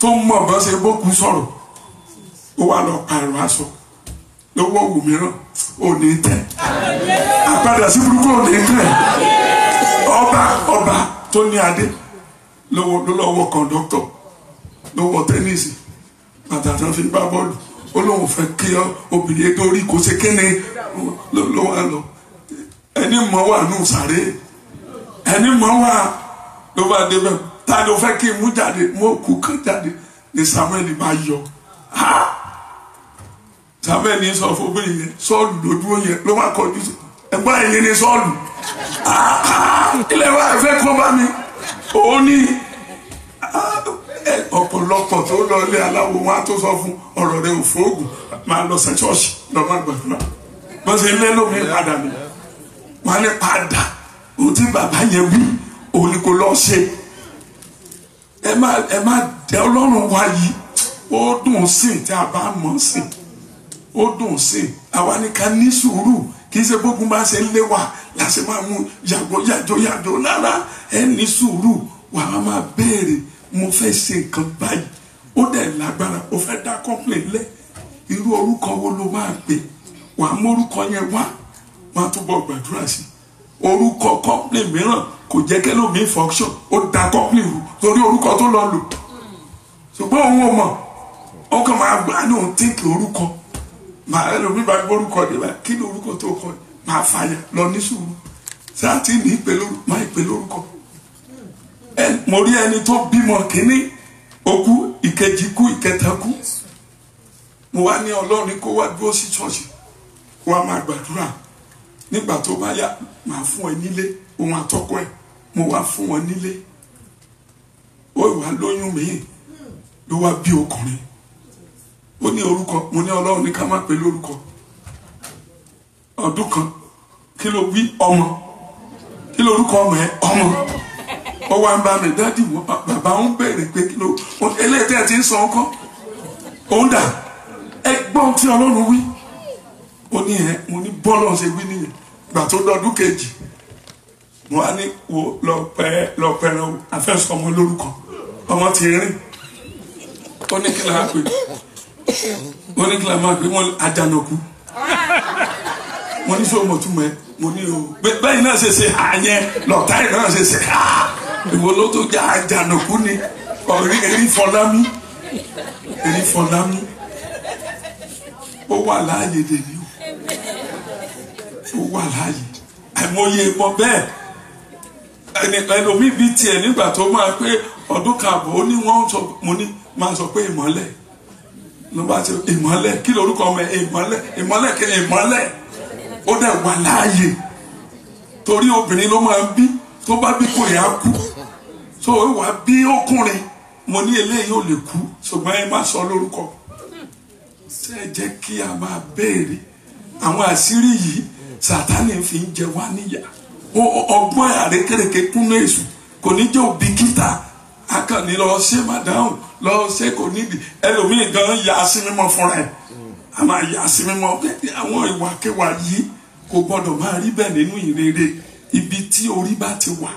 Speaker 1: tó ń mọ̀ bá ṣe bókú sọ̀rọ̀ ó wá lọ pààrọ̀ aṣọ lọ́wọ́ wù mìíràn ò ní tẹ̀ àpàdà sí burúkú ò ní tẹ̀ ọba ọba tó ní adé lọ́wọ́ lọ́wọ́ kọ̀ńdọ́tọ̀ ló wọ tẹ́nísì bàtà tán fi gbá bọ́ọ̀lù ó lóun fẹ́ kí obìnrin ètò orí kò ṣe kéne ló wà lọ ẹni mọ̀ wà nù sáré ẹni mọ̀ wà ló bá débẹ̀ ta ló fẹ́ kí n mú jáde mú òkú kan jáde ní Samuel bá yọ Samuel ní sọ fún obìnrin yẹn sọ́ọ̀lù ló dúró yẹn ló má kọjú ẹgbọ́n ẹ̀yìn ní sọ́ọ̀lù ilé wa ẹ fẹ́ kọ́ bá mi òun ní. Ah, ọ̀pọ̀lọpọ̀ tó lọ ilé aláwo wọn á tó sọ fún ọ̀rọ̀ rẹ ò fóògùn máa lọ sí ṣọ́ọ̀ṣì lọ máa gbàdúrà bó ṣe lé lómi padà nù wọn á lè padà òun tí bàbá yẹn wí òun ni kò lọ ṣe ẹ má ẹ má dẹ ọlọ́run wá yìí ó dùn sí tí a bá mọ̀ sí ó dùn sí àwa ni ká ní sùúrù kì í ṣe gbógun bá ṣe lé wa láti máa mú yàgò yàjò yàjò lára ẹ ní sùúrù wàá máa béèrè mo fẹ́ ṣe nǹkan báyìí ó dẹ̀ lágbára ó fẹ́ dá complain lẹ̀ irú orúkọ wo ló máa pè wàá mórúkọ yẹn wá wàá túbọ̀ gbàdúrà sí orúkọ complain mìíràn kò jẹ́ kẹ́lòmíì function ó dá complain rú torí orúkọ tó lọ lò ṣùgbọ́n òun ò mọ̀ ọkàn máa gbà ní òun tíǹkì orúkọ màá ẹlòmíì bá gbọ́ orúkọ dé báyìí kí ni orúkọ tó kọ yìí máa fàyà lọ ní sùúrù sáà tí ní ìpè lórúkọ mo rí ẹni tó bímọ kínní okú ìkejì kú ìkẹta kú mo wá ní ọlọ́run kó wá dúró sí ṣọ́ọ̀ṣì wá máa gbàdúrà nígbà tó bá yá màá fún ẹ nílé òun àtọkọ ẹ mo wá fún wọn nílé ó ìwà lóyún míì ló wá bí ọkùnrin ó ní orúkọ mo ní ọlọ́run ní ká má pè lórúkọ ọdún kan kí ló wí ọmọ kí lórúkọ ọmọ ẹ ọmọ ó wá ń bá mi dádì wọn bàbá ń béèrè pé kí ló eléyìí tẹ́ ẹ ti ń san ọkọ òun dà ẹ tí ọlọ́run wí ó ní ẹ mo ní bọ́ọ̀lù ṣe wí nìyẹn gbà tó dọdún kejì mo á ní wo lọ pẹ lọ pẹrẹ o àfẹsọ ọmọ lórúkọ ọmọ ti rìn ó ní kí lára pé ó ní kí lára máa pé wọn àjànàkú mo ní sọ mọ̀túmọ̀ ẹ mo ní o bẹ́ẹ̀ náà ṣe ṣe àyẹn lọ́tà yìí náà ṣe ṣe àá ìwọ ló tó jà àjànàkú ni ọ̀rí erí fọlámí erí fọlámí ó wà láàyè dèní ó wà láàyè àìmọye mọ bẹ́ẹ̀ ẹlòmíì bíi tiẹ̀ nígbà tó máa pé ọdún kààbọ̀ ó ní wọ́n sọ mo ní máa sọ pé ìmọ́lẹ̀ ló bá ṣe ìmọ́lẹ̀ kí lorúkọ ọmọ ìmọ́lẹ̀ ìmọ́lẹ̀ kí ìmọ́lẹ̀ ó dẹ̀ wà láàyè torí obìnrin ló máa ń bí tó bá bí kò yá kú so wà bí ọkùnrin mo ní eléyìí ò lè kú ṣùgbọ́n ẹ má sọ lórúkọ ṣe é jẹ́ kí a máa béèrè àwọn àṣírí yìí sàtánì fi ń jẹ wá níyà ọgbọ́n àrékèrèké kúnú èṣù kò ní jẹ́ òbí kíta akànnì lọ ṣe màdáhùn lọ ṣe kò nídìí ẹlòmíì gan ya símímọ́ fúnra ẹ̀ a máa ya símímọ́ àwọn ìwàkiwà yìí kò gbọ́dọ̀ máa rí bẹ́ẹ̀ nínú ìrere ibi tí orí bá ti wà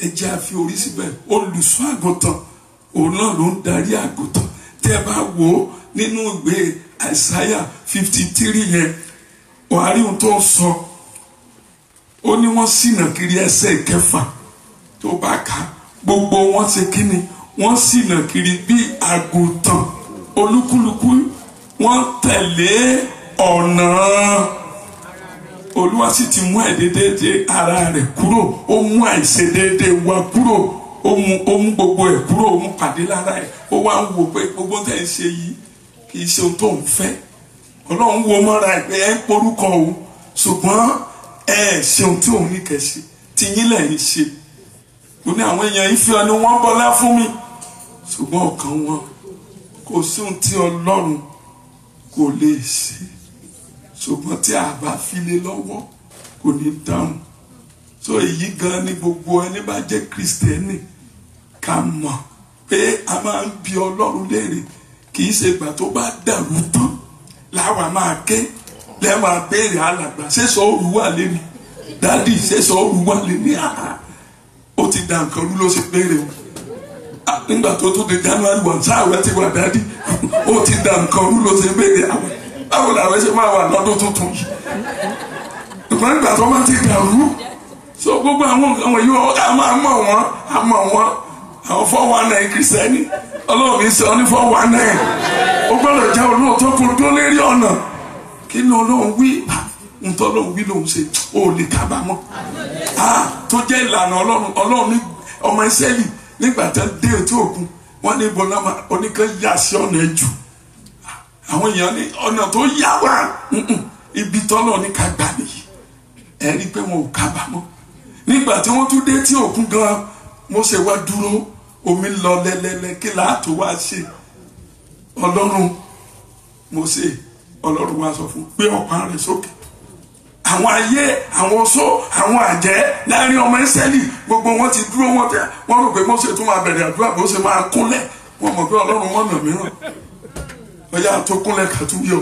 Speaker 1: ẹ jẹ́ a fi orí síbẹ̀ olùṣọ́ àgùntàn òun náà ló ń darí àgùntàn tẹ́ ẹ bá wò ó nínú ìwé àìsáyà fifty three yẹn wàhálì ohun tó sọ ó ní wọ́n ṣìnà kiri ẹsẹ̀ ìkẹfà tó bá kà gbogbo wọn ṣe kíni wọ́n ṣìnà kiri bí àgùntàn olúkúlùkù wọ́n tẹ̀lé ọ̀nà olúwa sì ti mú àìdédédé ara rẹ̀ kúrò ó mú àìṣedédé wa kúrò ó mú ó mú gbogbo ẹ̀ kúrò ó mú pàdé lára ẹ̀ ó wá ń wò pé gbogbo tẹ̀ ń ṣe yìí kì í ṣe ohun tó ń fẹ́ ọlọ́run wo mọ́ra ẹ̀ pé ẹ ń porúkọ òun ṣùgbọ́n ẹ ṣe ohun tí òun ní kẹ́ ṣe tìyín lẹ́yìn ṣe kò ní àwọn èèyàn ìfẹ́ ọ ni wọ́n bọ́lá fún mi ṣùgbọ́n ọkàn wọn kò sí ohun tí ọlọ́run kò lè ṣe ṣùgbọ́n tí a bá file lọ́wọ́ kò ní dáhùn so èyí gan ni gbogbo ẹni bá jẹ́ kristẹni ká mọ̀ pé a máa ń bi ọlọ́run léèrè kì í ṣe ìgbà tó bá dàrú tán láwa máa ké lẹ́wọ̀n abéèrè alàgbà ṣé sọ òru wà lẹ́nu dádì ṣé sọ òru wà lẹ́nu àhà ó ti dà nǹkan rú ló ṣe béèrè o nígbà tó tó di january one sáà wẹ́ ti wà dádì ó ti dà nǹkan rú ló ṣe béèrè àwọn báwo làwọn ẹsẹ̀ máa wà lọ́dún tuntun yìí ìkùnrin ìgbà tó máa ti dàrú so gbogbo àwọn nǹkan wọ̀nyí a máa mọ̀ wọ́n a mọ̀ wọ́n àwọn four one nine kìrìsìtẹ́nì ọlọ́run mi sọ ní four one nine ó gbọ́dọ̀ já olóòótọ́ kó dó lérí ọ̀nà kí ni olóhùn wí ntọ́ olóhùn wí lòun ṣe ó lè kábàámọ̀ tó jẹ́ ìlànà ọlọ́run ọlọ́run ọmọ ìṣẹ́lì nígbà tó dé ètò òkun wọ́n ní bọ́lá oníkan yà sí ọ̀nà ẹ̀jù àwọn èèyàn ní ọ̀nà tó yá wá ibi tọ́lọ̀ ní ká gbà nìyí ẹ rí i pé wọn ò kábàámọ̀ nígbà tí wọ́n tún dé tí òkun gan Mósè wá dúró omi lọ lẹ́lẹ́lẹ́ kí láàtò wá ṣe ọlọ́run Mósè ọlọ́run wá sọ fún gbé ọ̀pá rẹ̀ sókè àwọn ayé àwọn oṣó àwọn àjẹ́ láàrin ọmọ ìsẹ́lì gbogbo wọn ti dúró wọn tẹ wọn rò pé Mósè tún máa bẹ̀rẹ̀ àdúrà bó ṣe máa kúnlẹ̀ wọn mọ̀ pé ọlọ́run mọ̀nà mìíràn ọyá tó kúnlẹ̀ kàtúbí ọ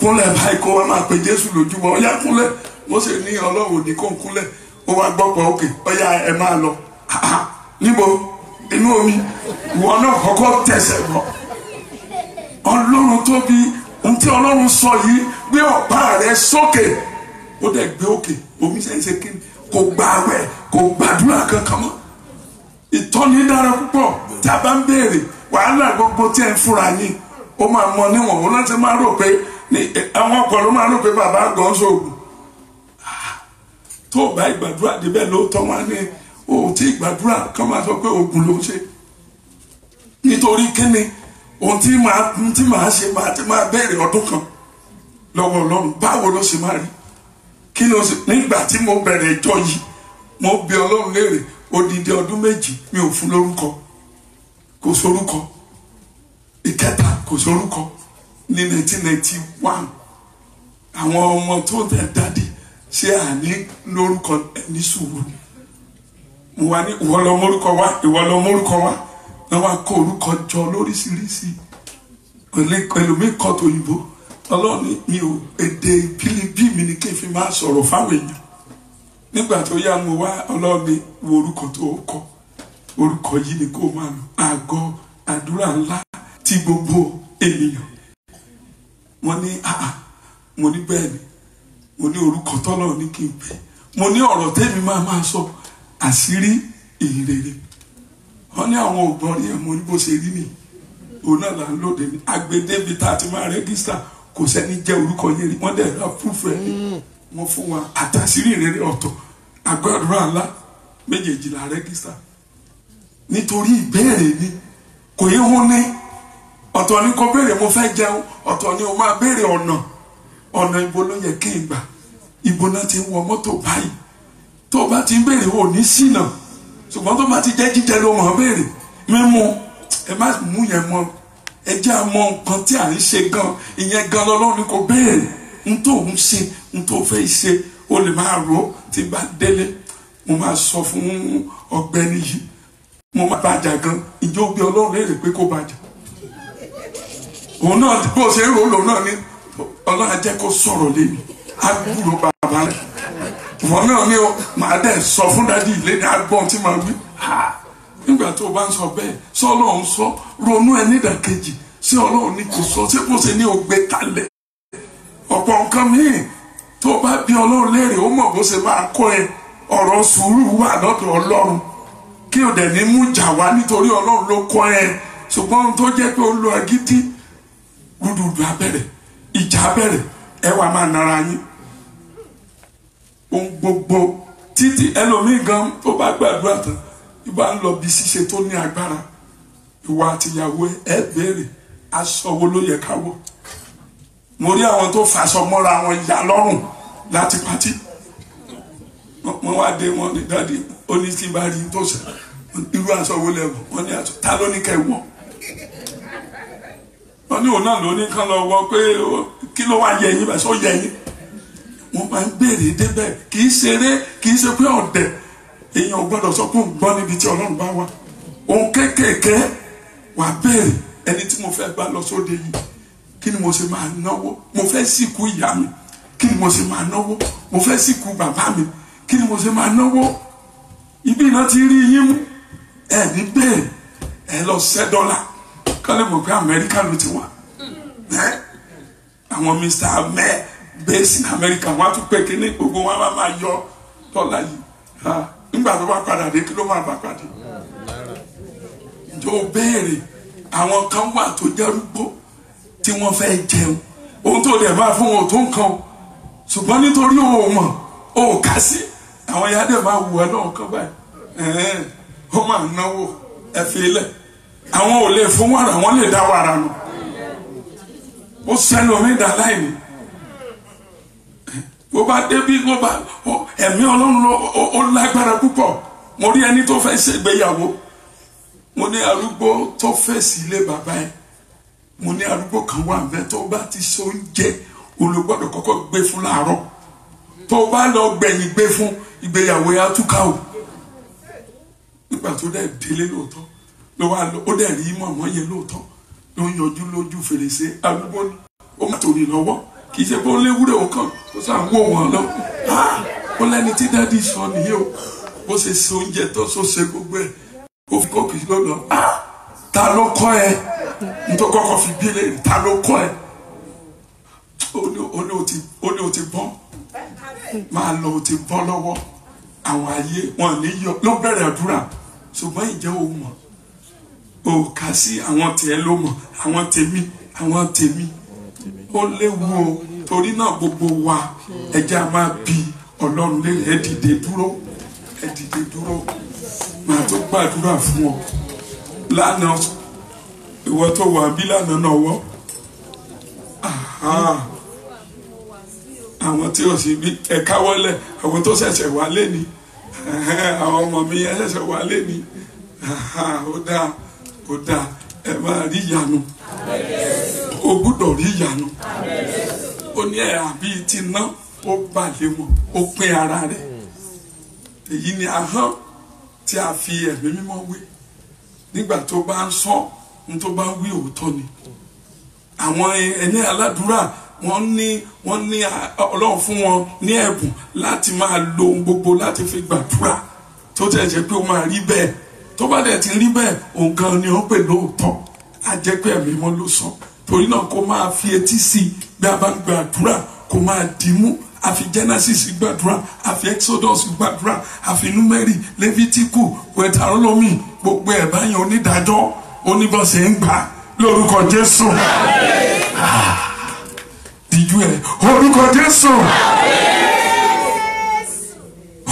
Speaker 1: kúnlẹ̀ báyìí kó wá máa pe jésù lójúmọ́ ọyá kúnlẹ̀ mọ́sẹ̀ ní ọlọ́run ní kó ń kúnlẹ̀ ó wá gbọ́pọ̀ òkè ọyá ẹ máa lọ níbo inú omi ìwọ náà kọ́kọ́ tẹ̀sẹ̀ lọ ọlọ́run tóbi ohun tí ọlọ́run sọ yìí gbé ọ̀pá rẹ sókè ó dẹ̀ gbé òkè omi ṣe ń ṣe kí kò gba àwẹ̀ kò gbàdúrà kankan mọ́ ìtọ́ni dára púpọ̀ tá a bá ń béèrè wàhálà gbogbo tí ẹ ń fúnra yín ó máa mọ níwọ̀n òun láti máa rò pé àwọn ọkọ̀ ló máa rò pé bàbá gan sóògùn ah, tó o bá ìgbàdúrà débẹ̀ lóòótọ́ wọn ní o ò tí ìgbàdúrà kan máa sọ pé oògùn ló ń ṣe nítorí kíni ohun tí màá tí màá ṣe màá ti máa béèrè ọdún kan lọ́wọ́ ọlọ́run báwo ló ṣe máa rí kí ló ṣe nígbà tí mo bẹ̀rẹ̀ ìjọ yìí mo bi ọlọ́run léèrè odidi ọdún méjì mi ò fún lórúkọ kò sórúkọ ìkẹta kò sórúkọ ní 1991 àwọn ọmọ tó tẹ̀ dádì ṣé àní lórúkọ ẹni sùúrù mo wá ní ìwọ lọ mórúkọ wá ìwọ lọ mórúkọ wá náà wá kó orúkọ jọ lóríṣiríṣi ẹlòmíì kọ tòyìnbó ọlọ́ọ̀ni mi ò èdè ìbílibí mi ni kí n fi máa sọ̀rọ̀ fáwọn èèyàn nígbà tó yá mo wá ọlọ́ọ̀ni wo orúkọ tó kọ orúkọ yìí ni kó máa lò àgọ́ àdúrà ńlá. ti gbogbo ènìyàn wọn ní àà ah, ah, mo ní bẹ́ẹ̀ mo ní orúkọ tọ́lọ̀ ní kí n mo ní ọ̀rọ̀ tẹ́mi máa máa sọ àṣírí ìrere ní àwọn ògbọ́n mo ní bó ṣe a ti máa kò sẹ́ni jẹ́ orúkọ yẹn ni wọ́n dẹ̀ fúnfẹ́ ni mm. wọ́n fún wa ìrere ọ̀tọ̀ méjèèjì là nítorí ni ọ̀tọ̀ ni kò béèrè mo fẹ́ jẹun ọ̀tọ̀ ni o máa béèrè ọ̀nà ọ̀nà ibo ló yẹ kí n gbà ibo náà ti ń wọ mọ́tò báyìí tó o bá ti ń béèrè o ní ṣìnà ṣùgbọ́n tó bá ti jẹ́ jíjẹ ló mọ̀ béèrè mímu ẹ má mú yẹn mọ́ ẹ jẹ́ àmọ́ nǹkan tí à ń ṣe gan ìyẹn gan lọ́lọ́run kò béèrè n tó ń ṣe n tó fẹ́ ṣe o lè máa rò tí bá délé mo máa sọ fún ọ̀gbẹ́ni yìí mo máa bàjá gan ìjọ ọlọ́run léèrè pé kó bàjá òun náà bó ṣe ń ròó lòun náà ní ọlọ́run ajẹ́ kó sọ̀rọ̀ lé mi á gbúrò bàbá rẹ̀ wọn náà ní o màá dẹ̀ sọ fún dádì ilé ní agbọ́n tí màá wí nígbà tó o bá ń sọ bẹ́ẹ̀ sọ ọlọ́run sọ ronú ẹ nídàkejì sí ọlọ́run ní kò sọ sí kò ṣe ní o gbé kalẹ̀ ọ̀pọ̀ nǹkan míì tó bá bí ọlọ́run léèrè ó mọ̀ bó ṣe máa kọ́ ẹ ọ̀rọ̀ sùúrù wà lọ́dọ̀ ọlọ́run kí o dẹ̀ ní mú jà wá nítorí ọlọ́run ló kọ́ ẹ ṣùgbọ́n ohun tó jẹ́ pé ó lo agídí rúdurùdu abẹ́rẹ̀ ìjà abẹ́rẹ̀ ẹ wà máa nara yín ohun gbogbo títí ẹlòmíì gan tó bá gbàdúrà tán ìbá ń lọ bí ṣíṣe tó ní agbára ìwà àtìyàwó ẹ béèrè aṣọ wo ló yẹ ká wọ̀ mo rí àwọn tó fàṣọ mọ́ra wọn yà lọ́rùn láti pati wọ́n wá dé wọn ní dáadé ó tó ṣe irú aṣọ wo lẹ wọ̀ ní aṣọ ta ló ní kẹ́ wọ̀ wọn ní òun náà ló ní kán lọ wọ pé kí ló wá yẹ yín bá sọ yẹ yín wọn máa ń béèrè débẹ̀ kì í ṣeré kì í ṣe pé ọ̀dẹ̀ èèyàn gbọ́dọ̀ sọ pé òun gbọ́ níbi tí Ọlọ́run bá wà òun kéékèèké wà béèrè ẹni tí mo fẹ́ bá lọ sóde yìí kí ni mo ṣe máa náwó mo fẹ́ sìnkú ìyá mi kí ni mo ṣe máa náwó mo fẹ́ sìnkú bàbá mi kí ni mo ṣe máa náwó ibi iná ti rí yín mú ẹ̀ ní bẹ́ẹ̀ ẹ lọ ṣẹ́ dọ́là kọ́lé mọ̀ pé amẹ́ríkà ló ti wà àwọn mr amẹ́ bẹ́ẹ̀sì amẹ́ríkà wọ́n á tún pé gbogbo wọn á máa yọ dọ́là yìí nígbà tó bá padà dé kí ló máa bá padà jọ béèrè àwọn kan wà tó jẹ́rúgbó tí wọ́n fẹ́ jẹun ohun tó lè máa fún wọn tó ṣùgbọ́n nítorí òun mọ̀ kà sí àwọn àwọn ò lè fún wàrà wọn lè dá wàrà nù ó sẹ́nu omi dà láìní bó bá débi bó bá ẹ̀mí ọlọ́run ó lágbára púpọ̀ mo rí ẹni tó fẹ́ ṣègbéyàwó mo ní arúgbó tó fẹ́ sí ilé bàbá ẹ̀ mo ní arúgbó kan wà nbẹ tó bá ti so oúnjẹ olùgbọ́dọ̀ kọ́kọ́ gbé fún láàárọ̀ tó bá lọ gbẹ̀yìn gbé fún ìgbéyàwó yà á túká o nígbà tó dẹ̀ délé lóòótọ́ ló wá lọ ó dẹ̀ rí mọ̀mọ́ yẹn lóòótọ́ ló ń yọjú lójú fèrèsé arúgbó ó má tòrí lọ́wọ́ kì í ṣe pé ó léwúrẹ́ òkan ó sà ń wò wọ́n lọ ó lẹ́ni tí dádì sọ nìyí o bó ṣe se oúnjẹ tó so ṣe gbogbo ẹ̀ ó fi kọ́ọ̀kì lọ́dọ̀ ta ló kọ́ ẹ nítorí kọ́kọ́ fi bí lè ta ló kọ́ ẹ ó ní o ti bọ́n máa lọ o ti bọ́ lọ́wọ́ àwọn ayé wọn ní yọ ló bẹ̀rẹ̀ àdúrà ṣùgbọ́n ìjẹ́ òun mọ̀ o kà sí àwọn tẹ ló mọ̀ àwọn tèmi àwọn tèmi ó léwu o torí náà gbogbo wa ẹja máa bi ọlọ́run lè ẹ dìde dúró ẹ dìde dúró màá tó gbàdúrà fún ọ lánàá ìwọ tó wà bí lánàá náà wọ àwọn tí o sì bí ẹ̀ka wọlé àwọn tó ṣẹ̀ṣẹ̀ wà lé ni àwọn ọmọ mi ẹ̀ ṣẹ̀ṣẹ̀ wà lé ni ó dáa ó dáa ẹ máa rí ìyanu o gbúdọ̀ rí ìyanu ó ní ẹ àbí ti ná o balẹ̀ wọn ó pín ara rẹ̀ èyí ni ahọ́n tí a fi ẹ̀mí mímọ́ wé nígbà tó bá ń sọ ní tó bá ń wí òótọ́ ni àwọn ẹni aládùúrà wọ́n ní wọ́n ní ọlọ́run fún wọn ní ẹ̀bùn láti máa lo ohun gbogbo láti fi gbàdúrà tó tẹ̀ jẹ́ pé ó máa rí bẹ́ẹ̀ tó bá dẹ̀ ti rí bẹ́ẹ̀ òǹkan ni ó pè lóòótọ́ ajẹ́pẹ́ mímọ́ ló sọ torí náà kó máa fi etí sí i bí a bá ń gbàdúrà kó máa dìímú àfi Genesis gbàdúrà àfi Exodus gbàdúrà àfi Númẹ́rì Lẹ́fítíkù wẹ̀tàrọ́lọ́mì gbogbo ẹ̀ báyìí onídàájọ́ oníbọ̀sẹ̀ ń gbà lórúkọ Jésù ah, dìjú ẹ̀ orúkọ Jésù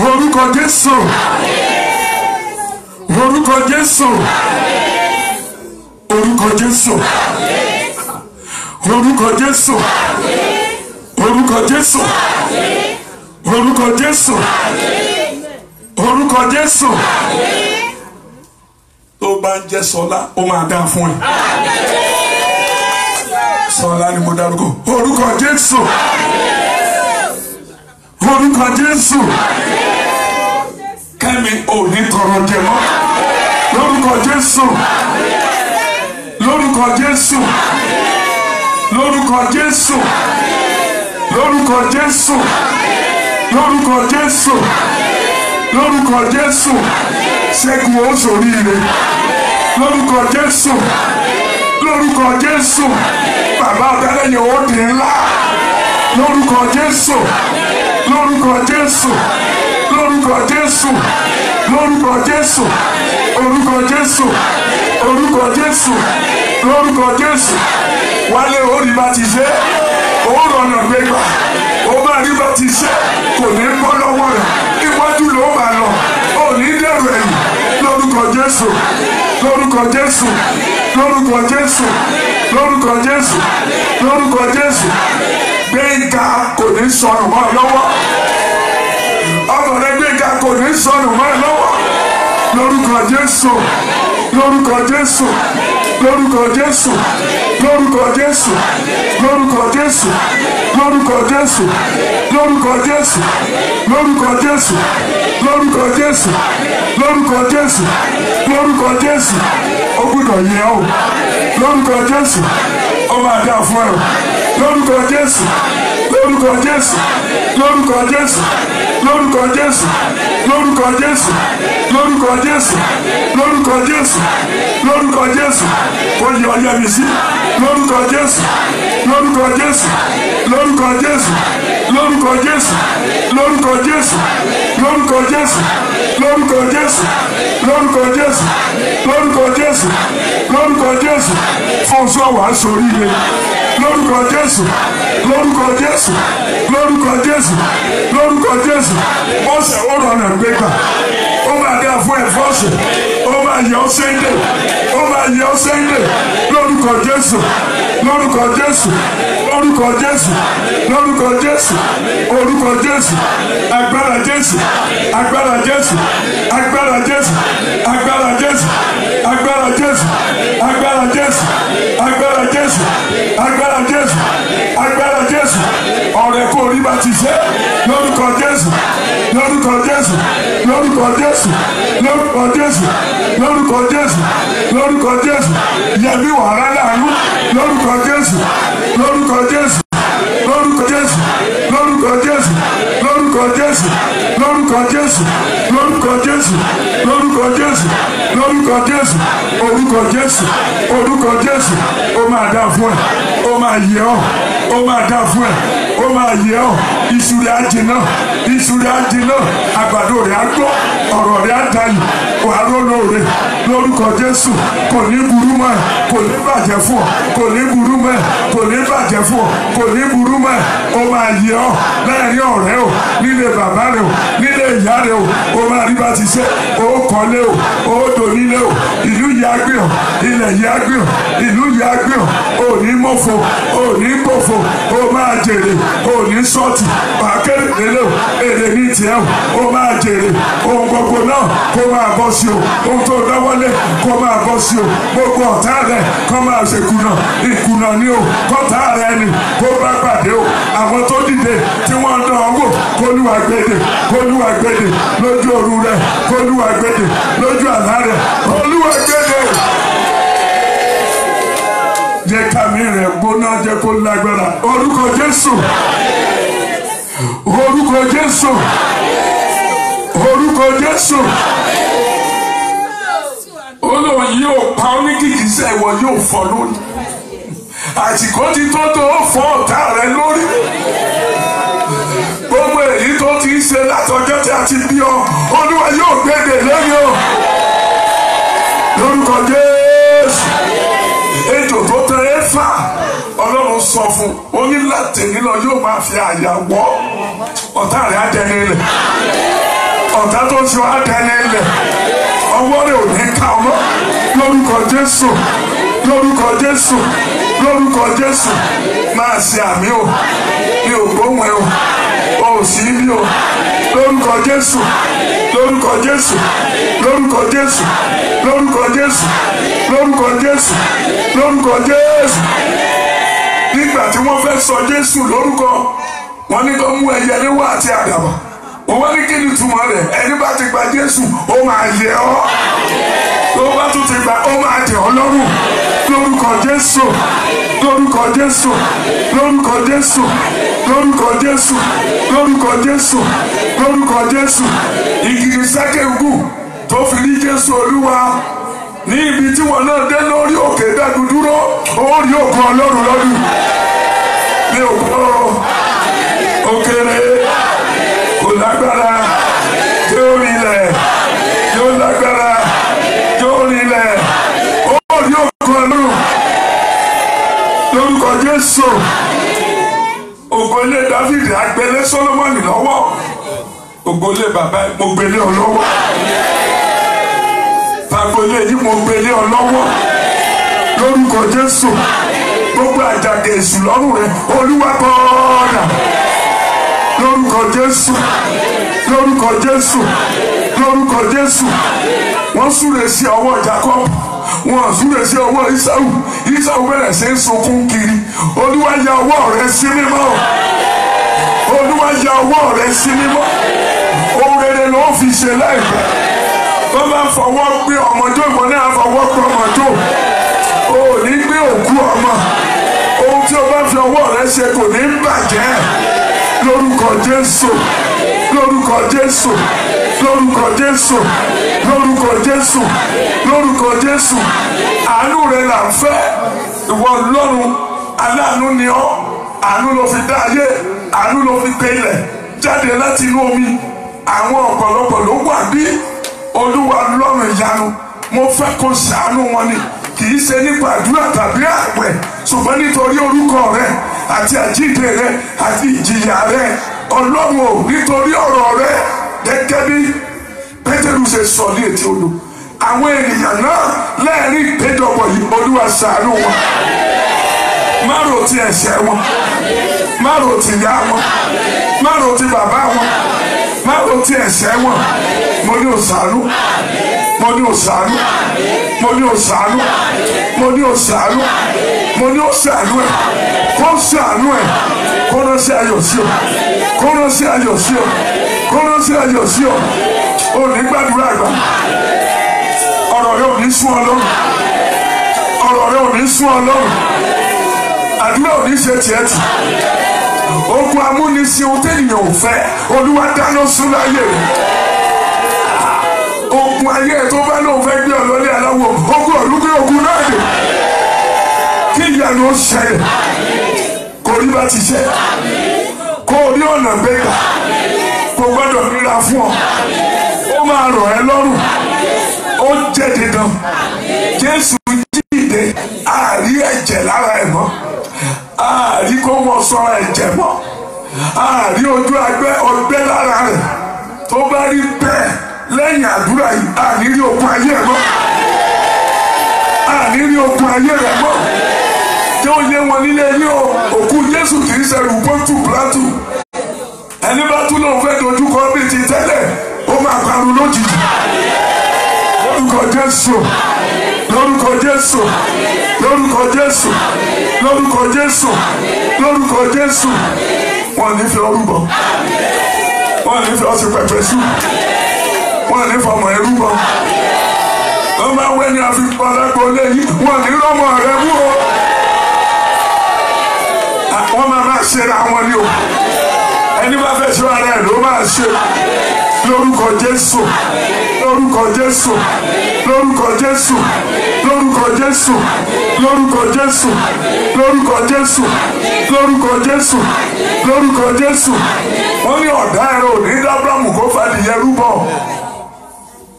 Speaker 1: orúkọ Jésù lórúkọ Jésù orúkọ Jésù orúkọ Jésù orúkọ Jésù orúkọ Jésù orúkọ Jésù tó bá ń jẹ́ Sọlá ó máa dá fún ẹ sọlá ni mo dárúkọ orúkọ Jésù orúkọ Jésù kẹ́mi ò ní tọrọ jẹ mọ́ lórúkọ Jésù lórúkọ Jésù lórúkọ Jésù lórúkọ Jésù lórúkọ Jésù lórúkọ Jésù ṣẹ́gun ó ṣoríire lórúkọ Jésù lórúkọ Jésù bàbá abẹ́lẹ́yìn ó di ńlá lórúkọ Jésù lórúkọ Jésù lórúkọ jésù lórúkọ jésù orúkọ jésù orúkọ jésù lórúkọ jésù wálé orí bá ti ṣe òun rọ̀nà gbégbá òun bá rí bá ti ṣe kò ní bọ́ lọ́wọ́ rẹ̀ iwájú ló máa lọ òní dẹ̀rù ẹ̀yìn lórúkọ jésù lórúkọ jésù lórúkọ jésù lórúkọ jésù lórúkọ jésù gbẹ̀ngà kò ní sọnù mọ́ lọ́wọ́ ọkàn rẹ gbẹ̀ngà kò ní sọnù mọ́ ẹ lọ́wọ́ lórúkọ Jésù lórúkọ Jésù lórúkọ Jésù lórúkọ Jésù lórúkọ Jésù lórúkọ Jésù lórúkọ Jésù lórúkọ Jésù lórúkọ Jésù lórúkọ Jésù lórúkọ Jésù ó gbúdọ̀ yẹ ọ́ lórúkọ Jésù ó máa dá fún ẹ lórúkọ Jésù lórúkọ jésù lórúkọ jésù lórúkọ jésù lórúkọ jésù lórúkọ jésù lórúkọ jésù lórúkọ jésù kò yọ ọyọ mi sí lórúkọ jésù lórúkọ jésù lórúkọ jésù lórúkọ jésù lórúkọ jésù lórúkọ jésù lórúkọ jésù lórúkọ jésù lórúkọ jésù lórúkọ jésù fọwọ́sọ wàá sórí rẹ lórúkọ jésù lórúkọ jésù jésù lórúkọ jésù lórúkọ jésù ó ṣe ó rọrùn gbégbà ó máa dá fún ẹ̀fọ́ ṣe ó máa yọ ọ́ sẹ́ńdẹ̀ ó máa yọ ọ́ sẹ́ńdẹ̀ lórúkọ jésù lórúkọ jésù lórúkọ jésù lórúkọ jésù orúkọ jésù agbára jésù agbára jésù agbára jésù agbára jésù agbára jésù agbára jésù agbára jésù agbára. lórúkọ jésù lórúkọ jésù lórúkọ jésù lórúkọ jésù lórúkọ jésù lórúkọ jésù yẹmi wàrà láàánú lórúkọ jésù lórúkọ jésù lórúkọ jésù lórúkọ jésù lórúkọ jésù lórúkọ jésù lórúkọ jésù lórúkọ jésù lórúkọ jésù orúkọ jésù orúkọ jésù ó máa dá fún ẹ ó máa yẹ ọ ó máa dá fún ẹ ó máa yẹ ọ iṣu rẹ á jiná iṣu rẹ á jiná àgbàdo rẹ á gbó ọ̀rọ̀ rẹ á dayì wàá rólò rẹ lórúkọ jésù kò ní burú mọ́ ẹ kò ní bàjẹ́ fún ọ kò ní burú mọ́ ẹ kò ní bàjẹ́ fún ọ kò ní burú mọ́ ẹ ó máa yẹ ọ bẹ́ẹ̀ ni ọ̀rẹ́ o nílé bàbá rẹ o nílé ìyá rẹ o o máa rí bá ti ṣe o kọ́lé o o dò o ìlú yìí á gbé ọ ilẹ̀ yìí á gbé o ìlú yìí gbé ọ o ní mọ̀fọ o ní bọ̀fọ o máa jèrè o ní sọ́ọ̀tì pàkẹ́rẹ́lẹ́ o èrè ní tiẹ̀ o o máa jèrè ohun gbogbo náà kó máa bọ́ sí o ohun tó dáwọ́lé kó máa bọ́ sí o gbogbo ọ̀tá rẹ kó máa ṣèkùnà ìkùnà ni o kọ́tà rẹ ni kó bá pàdé o àwọn tó dìde tí wọ́n dán ọ wò kó kólúwa gbèdè kólúwa gbèdè lójú òru rẹ kólúwa gbèdè lójú àlá rẹ kólúwa gbèdè. jẹ́ kàmí rẹ̀ gbóná jẹ́ kó lágbára orúkọ Jésù orúkọ Jésù orúkọ Jésù olóò yóò pa oníkìkì sẹ́ ìwọ yóò fọ́ lónìí àsìkò ti tó tó fọ́ ọ̀tá rẹ lórí. àtọ̀jọ́ tí a ti bí ọ olúwa yóò gbéde lẹ́yìn o lórúkọ jésù ètò tó tẹrẹ fà ọlọ́run sọ fún ó ní yóò máa fi àyà wọ́ ọ̀tá rẹ̀ á ilẹ̀ ọ̀tá tó ṣe jésù lórúkọ jésù lórúkọ jésù máa o mi ò gbóhùn o. ò sí rí o lórúkọ Jésù lórúkọ Jésù lórúkọ Jésù lórúkọ Jésù lórúkọ Jésù lórúkọ Jésù nígbà tí wọ́n fẹ́ sọ Jésù lórúkọ wọ́n ní kó mú ẹyẹ níwá àti àdàbà wọ́n wá ní kí ni túmọ̀ rẹ̀ ẹni bá ti gba Jésù ó máa yẹ ọ́ tó bá tún ti gba ó máa tẹ̀ ọ́ lọ́rùn lórúkọ Jésù lórúkọ Jésù lórúkọ Jésù. lórúkọ jésù lórúkọ jésù lórúkọ jésù ìgìrì sákèǹgù tó fi rí jésù olúwa ní ibi tí wọn náà dé lórí òkè dàdú dúró ó rí òkú ọlọ́run lọ́dún ní òkú òkèrè kò lágbára tí ó tí ó lágbára tí rí jésù. ògo David, Dáfídì agbélé Sólómọ́nì lọ́wọ́ ògo ilé bàbá mo gbélé ọ lọ́wọ́ tàgbó ilé yìí mo gbélé ọ lọ́wọ́ lórúkọ Jésù gbogbo àjàgà èṣù lọ́rùn rẹ olúwa bọ́ọ̀dà lórúkọ Jésù lórúkọ Jésù lórúkọ Jésù wọ́n súre sí ọwọ́ Jákọ́bù wọn àsúrẹ̀ sí ọwọ́ Ísáù Ísáù bẹ̀rẹ̀ sí sunkún kiri Olúwa ya ọwọ́ rẹ sí mímọ́ Olúwa ya ọwọ́ rẹ sí mímọ́ ohun rere ló fi ṣe láìpẹ́ tó bá fọwọ́ gbé ọmọdé ìwọ náà fọwọ́ gbé ọmọdé o ní gbé òkú ọmọ ohun tí o bá fi ọwọ́ rẹ ṣe kò ní bàjẹ́ lórúkọ Jésù lórúkọ Jésù lórúkọ jésù lórúkọ jésù lórúkọ jésù àánú rẹ là ń fẹ́ ìwọ ọlọ́run aláàánú ni ọ́ àánú ló fi dá ayé àánú ló fi pe ilẹ̀ jáde láti inú omi àwọn ọ̀pọ̀lọpọ̀ ló wà bí olúwa ọlọ́run ìyanu mo fẹ́ kó ṣàánú wọn ni kì í ṣe nípa àdúrà tàbí ààwẹ̀ ṣùgbọ́n nítorí orúkọ rẹ àti àjíǹde rẹ àti ìjìyà rẹ ọlọ́run ò nítorí ọ̀rọ̀ rẹ gẹ́gẹ́ bí pétérù ṣe sọ ní etí odò àwọn ènìyàn náà lẹ́ẹ̀rí ìpéjọpọ̀ yìí olúwa ṣàánú wọn má rò ti ẹ̀ṣẹ̀ wọn má rò ti ìyá wọn má rò ti bàbá wọn má rò ti ẹ̀ṣẹ̀ wọn mo ní òṣàánú mo ní òṣàánú mo ní òṣàánú mo ní òṣàánú mo ní òṣàánú ẹ kó ṣàánú ẹ kó ránṣẹ́ ayọ̀ sí ọ kó ránṣẹ́ ayọ̀ sí ọ kó ló sí ayọ̀ sí ọ ò ní gbàdúrà gbà ọ̀rọ̀ rẹ ò ní sún ọ lọ́rùn ọ̀rọ̀ rẹ ò ní sún ọ lọ́rùn àdúrà ò ní ṣe tiẹ̀ tì ogun amúnisìn ohun tẹ́nìyàn ò fẹ́ olúwa dáná sún láyé ogun ayé tó bá lóun fẹ́ gbé ọ lọ́lé aláwọ̀ ogun ọ̀lùkún ogun náà dé kí ìyanu ó ṣẹlẹ̀ kò rí bá ti ṣe kó ní ọ̀nà gbé kò gbọ́dọ̀ nira fún ọ ó máa rọ̀ ẹ́ lọ́rùn ó jẹ́ dandan jésù jíde àárí ẹ̀jẹ̀ lára ẹ̀ mọ́ àárí kó wọ́n sọ̀rọ̀ ẹ̀jẹ̀ mọ́ àárí ojú agbẹ́ ọgbẹ́ lára rẹ̀ tó bá rí bẹ́ẹ̀ lẹ́yìn àdúrà yìí àní rí okun ayé ẹ̀ mọ́ àní rí okun ayé rẹ̀ mọ́ tí ó yé wọn nílé ní òkú jésù kì í ṣe rúbọ́tù tún lòun fẹ́ dojúkọ bí ti tẹ́lẹ̀ ó máa parun lójijì lórúkọ Jésù lórúkọ Jésù lórúkọ Jésù lórúkọ Jésù lórúkọ Jésù wọn ní fi ọrùn bọ wọn ní fi ọsùn pẹpẹ sùn wọn ní fi ọmọ ẹrú bọ wọn bá wẹ ní àfikún alágbó lẹ́yìn wọn ní rọmọ rẹ wú o wọn máa máa ṣe ra wọn ni o ẹni bá fẹ́ ṣọ́ ara ẹ̀ ló máa ṣe lórúkọ Jésù lórúkọ Jésù lórúkọ Jésù lórúkọ Jésù lórúkọ Jésù lórúkọ Jésù lórúkọ Jésù lórúkọ Jésù wọ́n ní ọ̀dá ẹ̀rọ òní dábàmù kó fàdí yẹrú bọ̀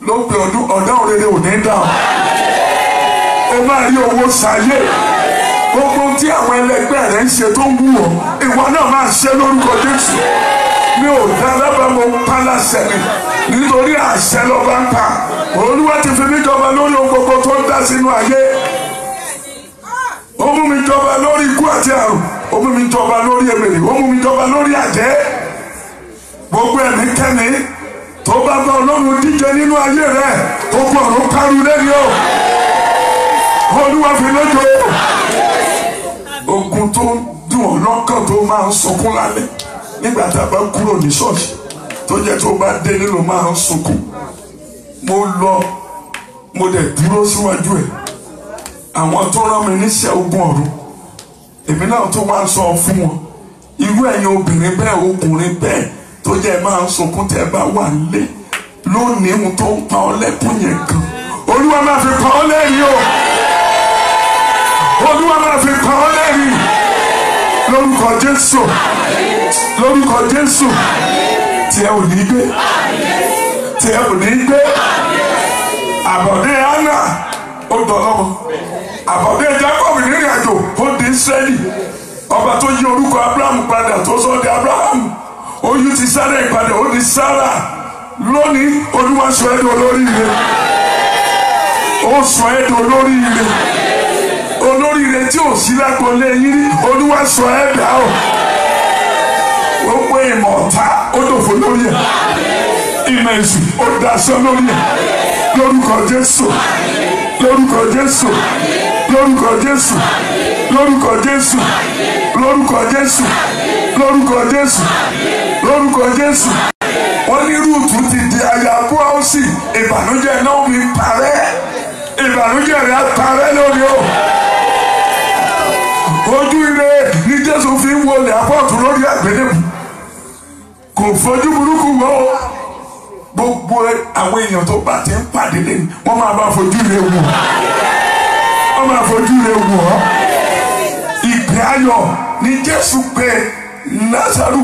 Speaker 1: ló pe ọdún ọ̀dá òrèrè òní dà ó máa rí owó sáyé gbogbo tí àwọn ẹlẹgbẹ́ rẹ̀ ń ṣe tó ń wù ọ́ ìwọ náà máa ṣe lórúkọ Jésù mi ò dáadáa mo pa láṣẹ mi nítorí àṣẹ lọ́ba ń pa Olúwa ti fi mí jọba lórí ohun gbogbo tó ń dá sínú ayé ó mú mi jọba lórí ikú àti àrùn ó mú mi jọba lórí èmèrè ó mú mi jọba lórí àjẹ́ gbogbo ẹnikẹ́ni tó bá bá Ọlọ́run díje nínú ayé rẹ̀ gbogbo ọ̀run kárú lẹ́ni o Olúwa fi lójó ogun tó ń dùn ọ́ lọ́kàn tó máa ń sunkún lálẹ́ nígbà tá a bá kúrò ní ṣọ́ọ̀ṣì tó jẹ́ tó bá dé nínú máa ń sunkún mo lọ mo dẹ̀ dúró síwájú ẹ̀ àwọn tó rán mi níṣẹ́ ogun ọ̀run èmi náà tó wá sọ fún wọn irú ẹ̀yin obìnrin bẹ́ẹ̀ ọkùnrin bẹ́ẹ̀ tó jẹ́ máa ń sunkún tẹ́ bá wà nílé lónìí ohun tó ń pa ọ lẹ́kùn yẹn gan olúwa máa fi pa ọ lẹ́yìn o olúwa máa fi kàn ọ́ lẹ́yìn lórúkọ jésù lórúkọ jésù tí ẹ ò ní gbé tí ẹ ò ní gbé àbọ̀dé anna ó dọ̀lọ́mọ àbọ̀dé jacob nírìn àjò ó di israẹli ọba tó yí orúkọ abraham padà tó sọ di abraham ó yí ti sáré ìpadà ó di sára lónìí olúwa sọ ẹ́ di olóríire ó sọ ẹ́ di olóríire. ẹni tí ò sí lágbọ́lé yín rí olúwa sọ ẹ́ ọ ó pé ìmọ̀ ọ̀tá ó dòfò lórí ẹ̀ ìmọ̀ èsì ó sọ lórí ẹ̀ lórúkọ jésù lórúkọ jésù lórúkọ jésù lórúkọ jésù lórúkọ jésù lórúkọ jésù lórúkọ jésù wọ́n ní rúùtù ti di ìbànújẹ́ náà mi parẹ́ o. ojú ire ni Jésù fi ń wọlé apọ́ọ̀tù lórí àgbélébù kò fojú burúkú wọ́ o gbogbo àwọn èèyàn tó bá ti ń pàdé lé wọ́n máa bá fojú ire wò wọ́n máa fojú ire wò ọ́ ìpè ayọ̀ ni Jésù pè Lásárù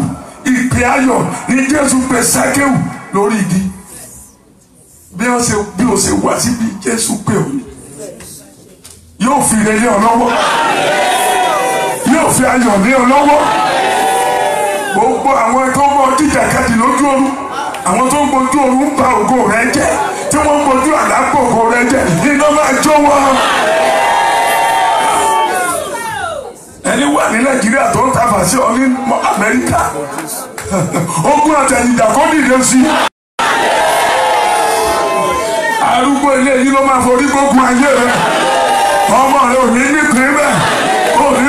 Speaker 1: ìpè ayọ̀ ni Jésù pè Sákéwù lórí igi bí ó ṣe bí ó ṣe wá síbi Jésù pè ó yóò fi rẹ lé ọ lọ́wọ́ fi ayọ̀ ní ọ lọ́wọ́ gbogbo àwọn tó mọ jíjàkadì lójú oorun àwọn tó ń gbojú oorun bà ògo rẹ jẹ́ tí wọ́n ń gbojú àlápò ògo rẹ jẹ́ iná máa jó wọn. ẹni wà ní nàìjíríà tó ń tàbà sí ọ ní amẹ́ríkà ogun àtẹ̀yìndà kò dìde sí i. arúgbó ilé yìí ló máa forí gbógun ayé rẹ ọmọ rẹ ò ní nípìn bẹ́ẹ̀.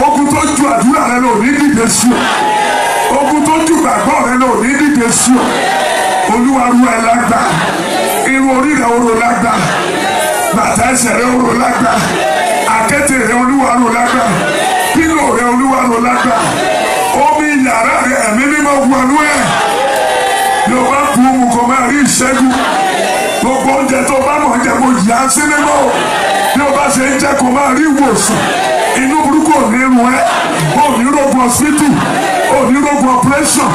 Speaker 1: ogun tó ju àdúrà rẹ lò ní dìde sí o ogun tó ju gbàgbọ́ rẹ lò ní dìde sí o olúwa ru ẹ lágbá irun orí rẹ oró lágbá bàtà ẹsẹ̀ rẹ oró lágbá àkéte rẹ olúwa ro lágbá pílò rẹ olúwa ro lágbá omi yàrá rẹ ẹ̀mí mímọ́ wọnú ẹ̀ ni o bá kú mu kò máa rí ìṣẹ́gun gbogbo oúnjẹ tó bá mọ̀ jẹ́ mo yà á sí mímọ́ o bí o bá ṣe ń jẹ́ kó máa rí ìwòsàn inú burúkú ò ní rún ẹ́ ò ní rogun ọ̀sìtù ò ní rogun ọ̀pẹ́rẹ́sọ̀n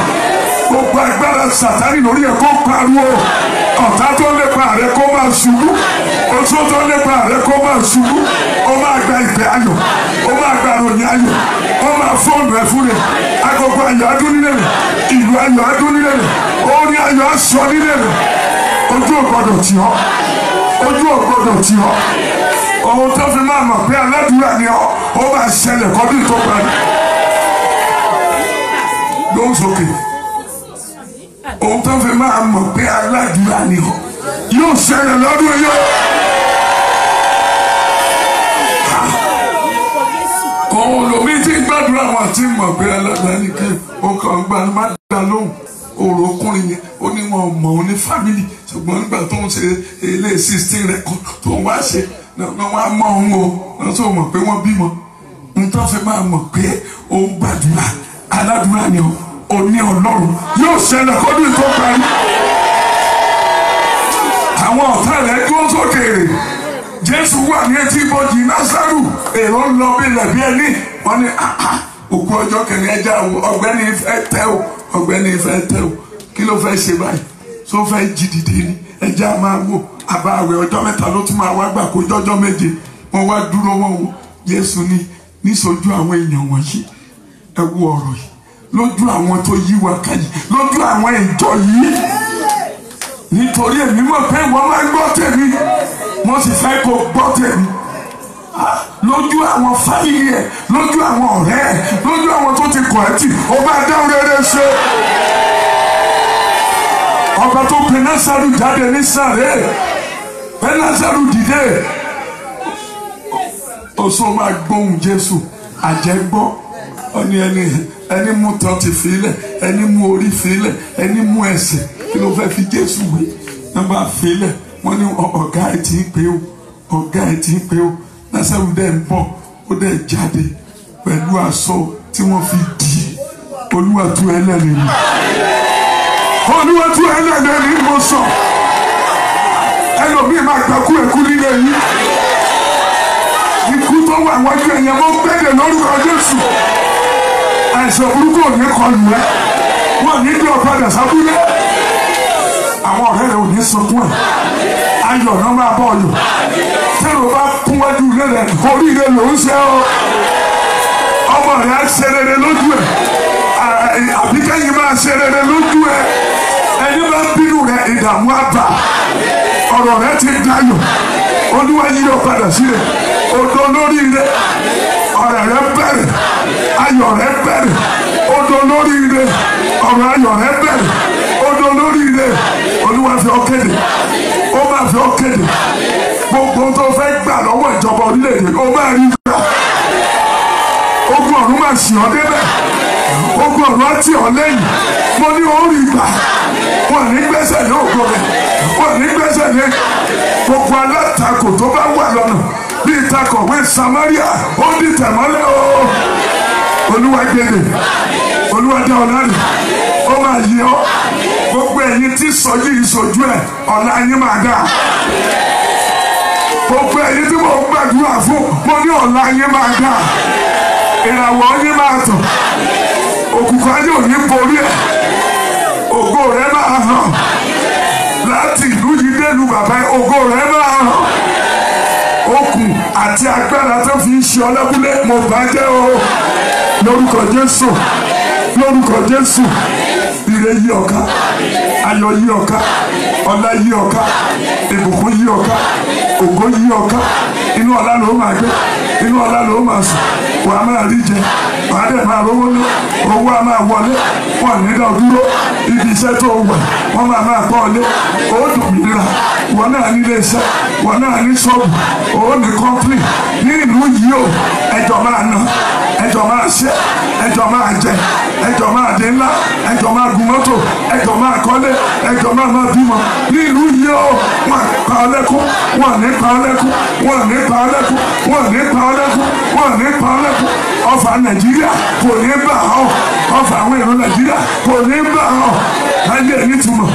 Speaker 1: gbogbo agbára sàtánì lórí ẹ̀ kó pariwo ọ̀tá tó lépa rẹ kó máa ṣubú oṣù tó lépa rẹ kó máa ṣubú ó máa gba ìgbẹ́ ayọ̀ ó máa gba ìròyìn ayọ̀ ó máa fóònù ẹ̀ fún rẹ̀ agogo ayọ̀ adún nílẹ̀ rẹ̀ ìlú ayọ̀ adún nílẹ̀ rẹ̀ orin ayọ̀ aṣọ nílẹ̀ rẹ̀ ojú ò gbọdọ̀ tì ọ́ ojú ò gbọdọ̀ tì ọ́ ohun tó fi máa mọ̀ pé aládùúrà ni ọ ó máa ṣẹlẹ̀ kọ́dún tó parí. lóhùn sókè ohun tó fi máa mọ̀ pé aládùúrà ni ọ yóò ṣẹlẹ̀ lọ́dún yóò. àwọn olómi tí ń gbàdúrà wọn àti mọ̀ pé aládàáni kí o kàn gba má dá lóhùn òròkùnrin yẹn ó ní wọn mọ̀ ó ní fámìlì ṣùgbọ́n nígbà tó ń ṣe ilé sixteen record tó ń wá ṣe náà wọ́n á mọ̀ òun o náà sọ mọ̀ pé wọ́n bímọ nítorí wọ́n fi máa mọ̀ pé òun gbàdúrà aládùúrà ni o òní ọlọ́run yóò ṣẹlẹ̀ kọ́dún tó parí. àwọn ọ̀tá rẹ̀ dúró sókèèrè jésù wà ní etí bọ́jì násàrù èrò ń lọ bí lẹ̀bí ẹni wọ́n ní ah, ah, òkú ọjọ́ kẹrin ẹja ọ̀gbẹ́ni ìfẹ́ tẹ́ o ọ̀gbẹ́ni ìfẹ́ tẹ́ o kí ló fẹ́ ṣe báyìí tó fẹ́ jí dìde ni ẹja máa wò àbá àwẹ̀ ọjọ́ mẹ́ta ló tún máa wá gbà kó jọ́jọ́ méje wọ́n wá dúró wọn o Jésù ní níṣojú àwọn èèyàn wọ̀nyí ẹ wo ọ̀rọ̀ yìí lójú àwọn tó yí wa ká yìí lójú àwọn ìjọ yìí nítorí èmi mọ̀ pé wọ́n máa gbọ́ tèmi mo sì fẹ́ kó gbọ́ tèmi ah, lójú àwọn fáyìí ẹ lójú àwọn ọ̀rẹ́ ẹ lójú àwọn tó ti kọ̀ ẹ́ tì ó máa dá rere ṣe. ọba tó pinnu sáré jáde ní sáré ẹnasaru dìde oṣù máa gbóhùn jésù àjẹgbọ́ ọni ẹni ẹni mú tọ́tì fílẹ̀ ẹni mú orí fílẹ̀ ẹni mú ẹsẹ̀ kí ló fẹ́ fi jésù wé nígbà fílẹ̀ wọ́n ní ọ̀gá ẹ̀ tí ń pé o ọ̀gá ẹ̀ tí ń pé o nasaru dẹ̀ ń bọ̀ ó dẹ̀ jáde pẹ̀lú aṣọ tí wọ́n fi dì í olúwa tú ẹlẹ́ni mi olúwa tú mi mo sọ ẹlòmíì máa gbàkú ẹ̀kú nílé yìí ikú tó wà wájú ẹ̀yẹ mọ́ gbẹ́dẹ̀ lórúkọ Jésù àìsàn burúkú ò ní kọlù ẹ wọn ní bí ọ̀padà sábúlé àwọn ọ̀rẹ́ rẹ ò ní sunkún ẹ̀ ayọ̀ náà máa bọ̀ ọ̀yọ̀ tẹ́lẹ̀ o bá kún wájú ilé rẹ oríire ló ń ṣe ọ́ ọmọ rẹ á ṣe rere lójú ẹ̀ àbíkẹ́yìn máa ṣe rere lójú ẹ̀ ẹni bá bínú rẹ ìdààmú àbà ọ̀rọ̀ rẹ ti dayọ̀ olúwa yíyọ padà sílẹ̀ odò lóríire ọ̀rẹ́ rẹ bẹ̀rẹ̀ ayọ̀ rẹ bẹ̀rẹ̀ odò lóríire ọ̀rọ̀ ayọ̀ rẹ bẹ̀rẹ̀ odò lóríire olúwa fi ọ́ kéde ó máa fi ọ́ kéde gbogbo tó fẹ́ gbà lọ́wọ́ ìjọba orílẹ̀-èdè ó máa rí gbà ogun ọ̀run máa ṣì ọ́ débẹ̀ ogun ọ̀run á tì ọ́ lẹ́yìn mo ní orí ìgbà wọn ní gbẹ́sẹ̀ ní ògo rẹ̀. wọn nígbẹ́sẹ̀ lé gbogbo alátakò tó bá wà lọ́nà bí ìtakọ̀wé Samaria ó di tẹ̀mọ́lẹ̀ o olúwa gbèdè olúwa ó máa yẹ ọ́ gbogbo ẹ̀yin tí sọjú ìṣojú ẹ̀ ọ̀la yín máa dà gbogbo ẹ̀yin tí mo gbàdúrà fún mo ní yín máa dà ìràwọ̀ yín máa tàn òkùnkùn ayé ò ní borí ẹ̀ ògo rẹ̀ máa hàn. láti ìlú yìí délùú bàbá ògo rẹ̀ máa hàn okùn àti agbára tó fi ń ṣe ọlọ́kúnlé mo bá jẹ́ o lórúkọ Jésù lórúkọ Jésù ire yí ọ̀ka ayọ̀ yí ọ̀ka ọlá yí ọ̀ka ìbùkún yí ọ̀ka ògo yí ọ̀ka inú ọ̀la ló máa gbé inú ọlá ló máa sùn wà á máa rí jẹ wà á dẹ̀ máa rówó ní owó á máa wọlé wà nílẹ̀ dúró ibi iṣẹ́ tó wà wọ́n máa máa pọ̀ lé ó dùn mí ra wọ́n náà nílé iṣẹ́ wọn náà ní ṣọ́ọ̀bù òun ní kọ́ńpìlì ní ìlú yìí o ẹjọ́ máa ná ẹjọ́ máa ṣe ẹjọ́ máa jẹ ẹjọ́ máa dé ńlá ẹjọ́ máa gun mọ́tò ẹjọ́ máa kọ́lé ẹjọ́ máa máa bímọ ní ìlú yìí o wọn nípa ọlẹ́kùn wọn nípa ọlẹ́kùn wọn nípa ọlẹ́kùn wọn nípa ọlẹ́kùn wọn nípa ọlẹ́kùn ọfà nàìjíríà kò ní bá ọ ọfà àwọn èrò nàìjíríà kò ní bá ọ káyé nítumọ̀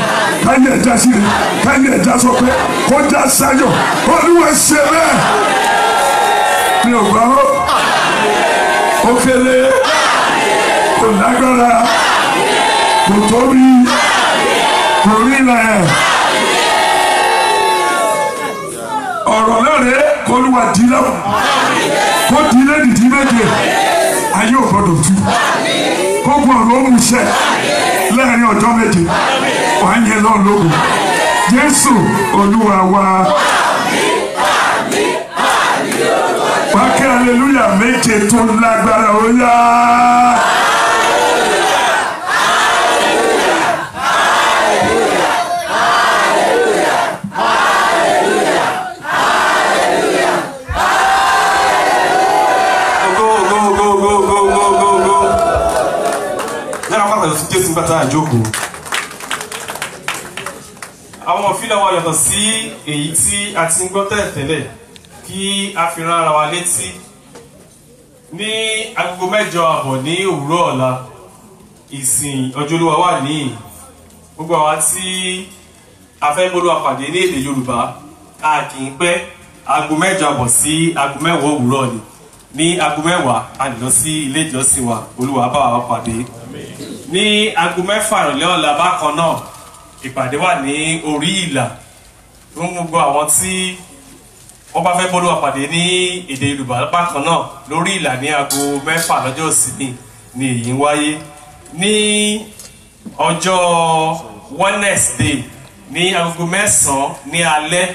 Speaker 1: káyé ẹ̀dá sí rẹ̀ káyé ẹ̀dá sọ pé kó dá sáyọ̀ olúwa ṣe bẹ́ẹ̀ mi ò gbọ́ ó kéré kò lágbára kò tóbi kò rílẹ̀ e. ọ̀rọ̀ náà rẹ̀ kó olúwa dì lọ́wọ́ kó dì lẹ́dìdì méje ayé ò gbọ́dọ̀ tú kó gbọ́dọ̀ ó mú iṣẹ́ lẹ́ẹ̀rin ọjọ́ méje wàá yẹ lọ́run lógo Jésù Olúwa wa. Wákẹ́ aleluya méje tó lágbára ó yá.
Speaker 3: náà àwọn òfin wa yàtọ̀ sí èyí tí a ti ń gbọ́ tẹ́lẹ̀tẹ́lẹ̀ kí a fi rán ara wa létí ní agogo mẹ́jọ àbọ̀ ní òwúrọ̀ ọ̀la ìsìn ọjọ́ olúwa wà ní gbogbo àwa tí a fẹ́ gbọ́dọ̀ àpàdé ní èdè yorùbá a kì í pẹ́ aago mẹ́jọ àbọ̀ sí aago mẹ́wàá òwúrọ̀ ni ní aago mẹ́wàá a lè lọ sí ilé ìjọsìn wa olúwa bá wa pàdé. Àmín ní aago mẹ́fà ìrọ̀lẹ́ ọ̀la bákan náà ìpàdé wà ní orí ìlà fún gbogbo àwọn tí wọ́n bá fẹ́ bọ́lú àpàdé ní èdè Yorùbá bákan náà lórí ìlà ní aago mẹ́fà lọ́jọ́ ìsinmi ni èyí ń wáyé ní ọjọ́ Wednesday ní aago mẹ́sàn-án ní alẹ́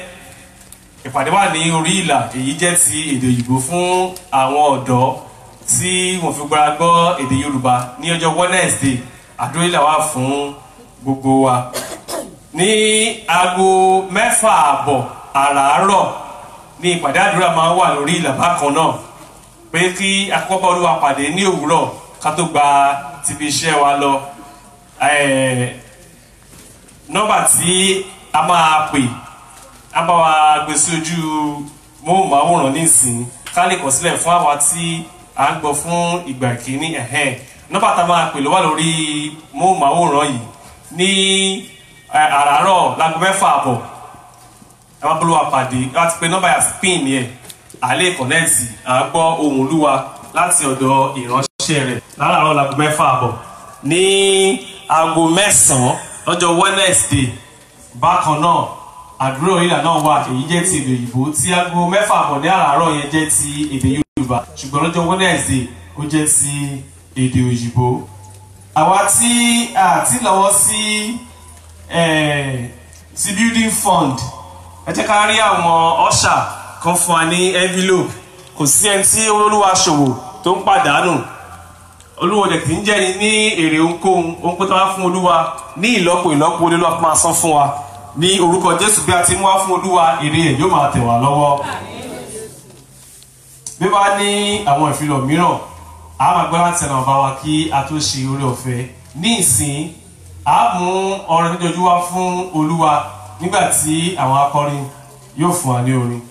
Speaker 3: ìpàdé wà ní orí ìlà èyí jẹ́ ti èdè òyìnbó fún àwọn ọ̀dọ́ tí wọ́n fi gbára gbọ́ èdè Yorùbá ní ọjọ́ Wednesday àdúrà wà fún gbogbo wa ní aago mẹ́fà àbọ̀ àràárọ̀ ní ìpàdé àdúrà máa ń wà lórí ìlàbá kan náà pé kí akọ́kọ́ olúwa pàdé ní òwúrọ̀ ká tó gba tibi iṣẹ́ wa lọ nọ́mbà tí a máa pè a bá wa gbé sí ojú móhùnmáwòrán nísìnyí ká lè kọ̀ sílẹ̀ fún àwa tí à ń gbọ́ fún ìgbà kìíní ẹ̀hẹ́n nọ́mbà tá a máa pè ló wà lórí móhùnmáwòrán yìí ní àràárọ̀ láago mẹ́fà àbọ̀ ẹ máa bọ́lú wa pàdé ẹ máa ti pe nọ́mbà yà spin yẹn àlẹ́ kọ̀nẹ́ẹ̀tì à ń gbọ́ ohùn olúwa láti ọ̀dọ̀ ìránṣẹ́ rẹ̀ láràárọ̀ láago mẹ́fà àbọ̀ ní aago mẹ́sàn-án Wednesday bákan náà àdúrà ìlànà wà èyí jẹ́ ti èdè òyìnbó tí aago mẹ́fà àbọ̀ ní àràárọ̀ yẹn jẹ́ ti èdè Yorùbá. Yorùbá ṣùgbọ́n lọ́jọ́ Wednesday ó jẹ́ sí èdè òyìnbó àwa tí a ti lọ́wọ́ sí sí eh, building fund ẹ jẹ́ ká rí àwọn ọ̀ṣà kan fún wa ní envelope kò sí ẹni tí olólùwà ṣòwò tó ń pàdánù olúwa dẹ̀ tí ń jẹ́ni ní èrè ohunkóhun ohun pé fún olúwa ní ìlọ́po ìlọ́po olúwa máa san fún wa ní orúkọ jésù bí a ti mú wá fún olúwa èrè ẹ̀ yóò máa tẹ̀ wá lọ́wọ́ bí wàá ní àwọn ìfilọ̀ mìíràn a máa gbọ́ láti ẹ̀nà ọba wa kí a tó ṣe orí ọ̀fẹ́ ní ìsìn a mú ọrẹ tó jọjú wá fún olúwa nígbà tí àwọn akọrin yóò fún wa ní orin.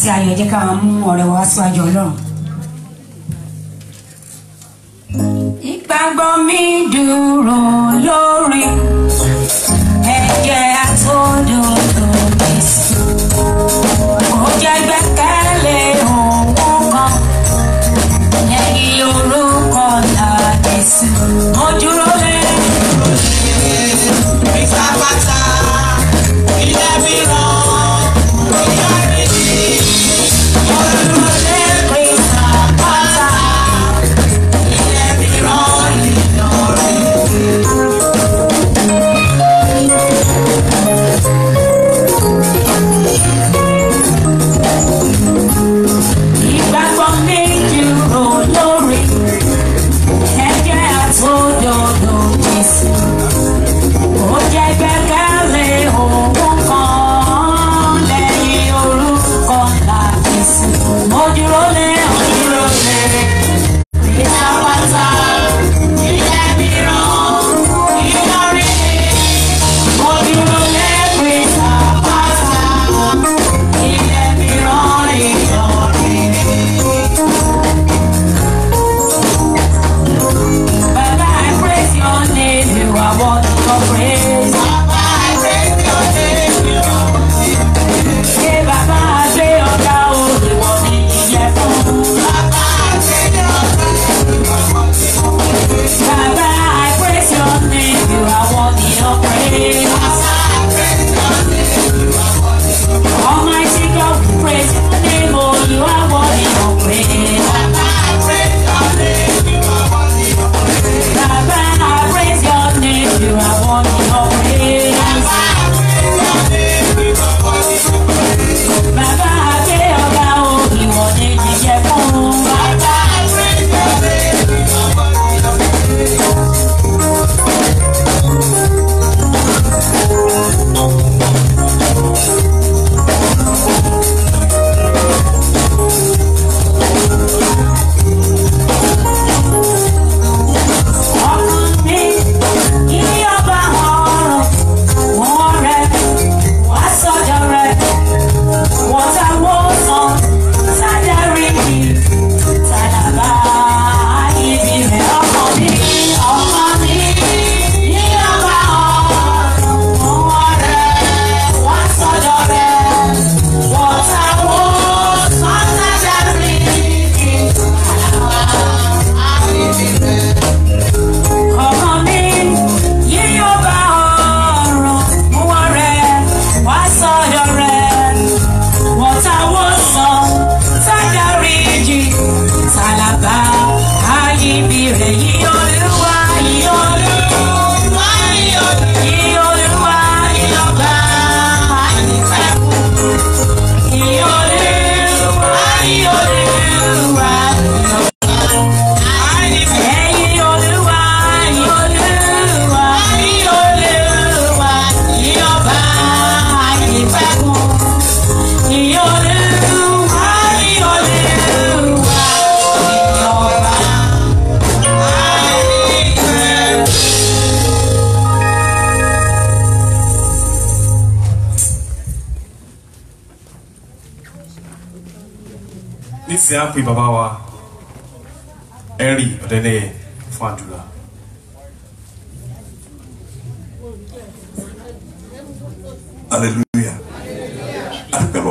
Speaker 4: àti ayọ̀ jẹ́ ká mú ọ̀rẹ́ wa síwájú ọlọ́run. ìgbàgbọ́ mi dúró lórí ẹ̀jẹ̀ àtòdodo mi sùn. ó jẹ́ gbẹ́kẹ̀lé òun kan lẹ́yìn orúkọ náà Jésù. mo dúró.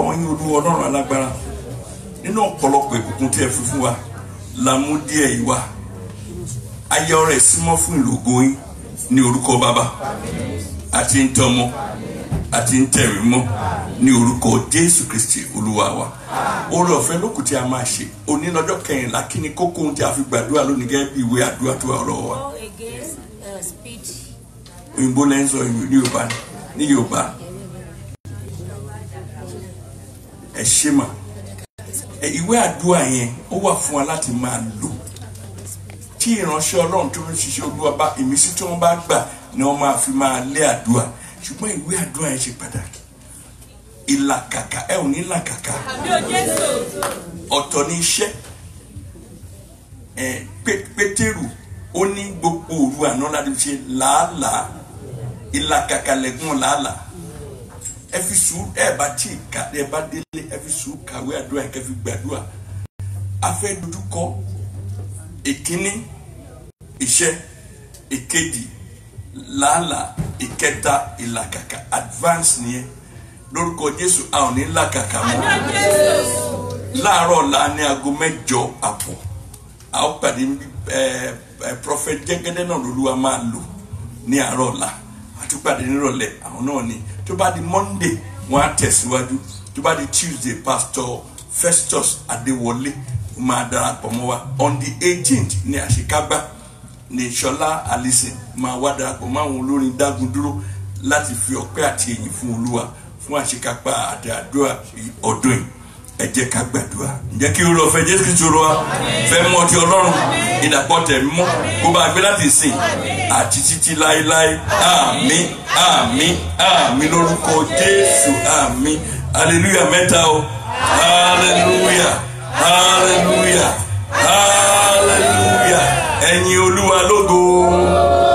Speaker 5: ọ̀rọ̀ yín olú ọlọ́run alágbára nínú ọ̀pọ̀lọpọ̀ ìbùkún tí ẹ fi fún wa la díẹ̀ yìí wá ayé ọrẹ símọ́ fún ìlògo yín ní orúkọ bàbá àti ń tọmọ àti ń tẹ̀rí mọ́ ní orúkọ jésù kristi olúwa wa oore ọ̀fẹ́ lókùn tí a máa ṣe òní lọ́jọ́ kẹrìnlá kí ni kókó ohun tí a fi gbàdúrà lónìí gẹ́gẹ́ bí ìwé àdúrà tó wà lọ́wọ́ wa uh, òyìnbó lẹ́yìn sọ ní yorùbá ní yorùbá. ẹ ṣe mà ìwé àdúrà yẹn ó wà fún wa láti máa lò tí ìránṣẹ́ ọlọ́run tó ń ṣiṣẹ́ olúwa bá ìmísí tí wọ́n bá gbà ni wọ́n máa fi máa lé àdúrà ṣùgbọ́n ìwé àdúrà yẹn ṣe pàtàkì ìlàkàkà ẹ ò ní làkàkà ọ̀tọ̀ ní iṣẹ́ pétérù ó ní gbogbo òru àná láti fi ṣe làálàá ìlàkàkà lẹ́gùn làálàá ẹfi sùúrù ẹ bá tí ká ẹ bá délé ẹfi sùúrù kàwé àdúrà kẹfì gbàdúrà afẹ́ dúdú kọ ìkíní iṣẹ́ ìkejì làálàá ìkẹta ìlàkàkà advance nìyẹn lórúkọ Jésù a ò ní làkàkà mọ́ láàárọ̀ la ní aago mẹ́jọ àpọ̀ a ó pàdé prophet Jẹ́gẹ́dẹ́ náà lóluwa máa lò ní àárọ̀ la àtúpàdé nírọ̀lẹ́ àwọn náà ni. Eh, eh, tó bá di monday wọn á tẹ̀síwájú tó bá di tuesday pastor festus adéwọlé ó máa darapọ̀ mọ́ wa on the eighteenth ní àṣekágbá ní ṣọlá alise máa wá darapọ̀ mọ́ àwọn olórin dágun dúró láti fi ọpẹ́ àti èyìn fún olúwa fún àṣekápá àdàdúrà ọdún yìí ẹ jẹ́ ká gbàdúrà ǹjẹ́ kí irú ọ̀fẹ́ jésù kìí ṣòro wa fẹ́ mọ ti ọlọ́run ìdàpọ̀ tẹ̀mí mọ́ kó bá gbé láti sìn àti títí láéláé àmín àmín àmín lórúkọ jésù àmín hallelujah mẹ́ta o hallelujah hallelujah hallelujah ẹ̀yin olúwa lógo.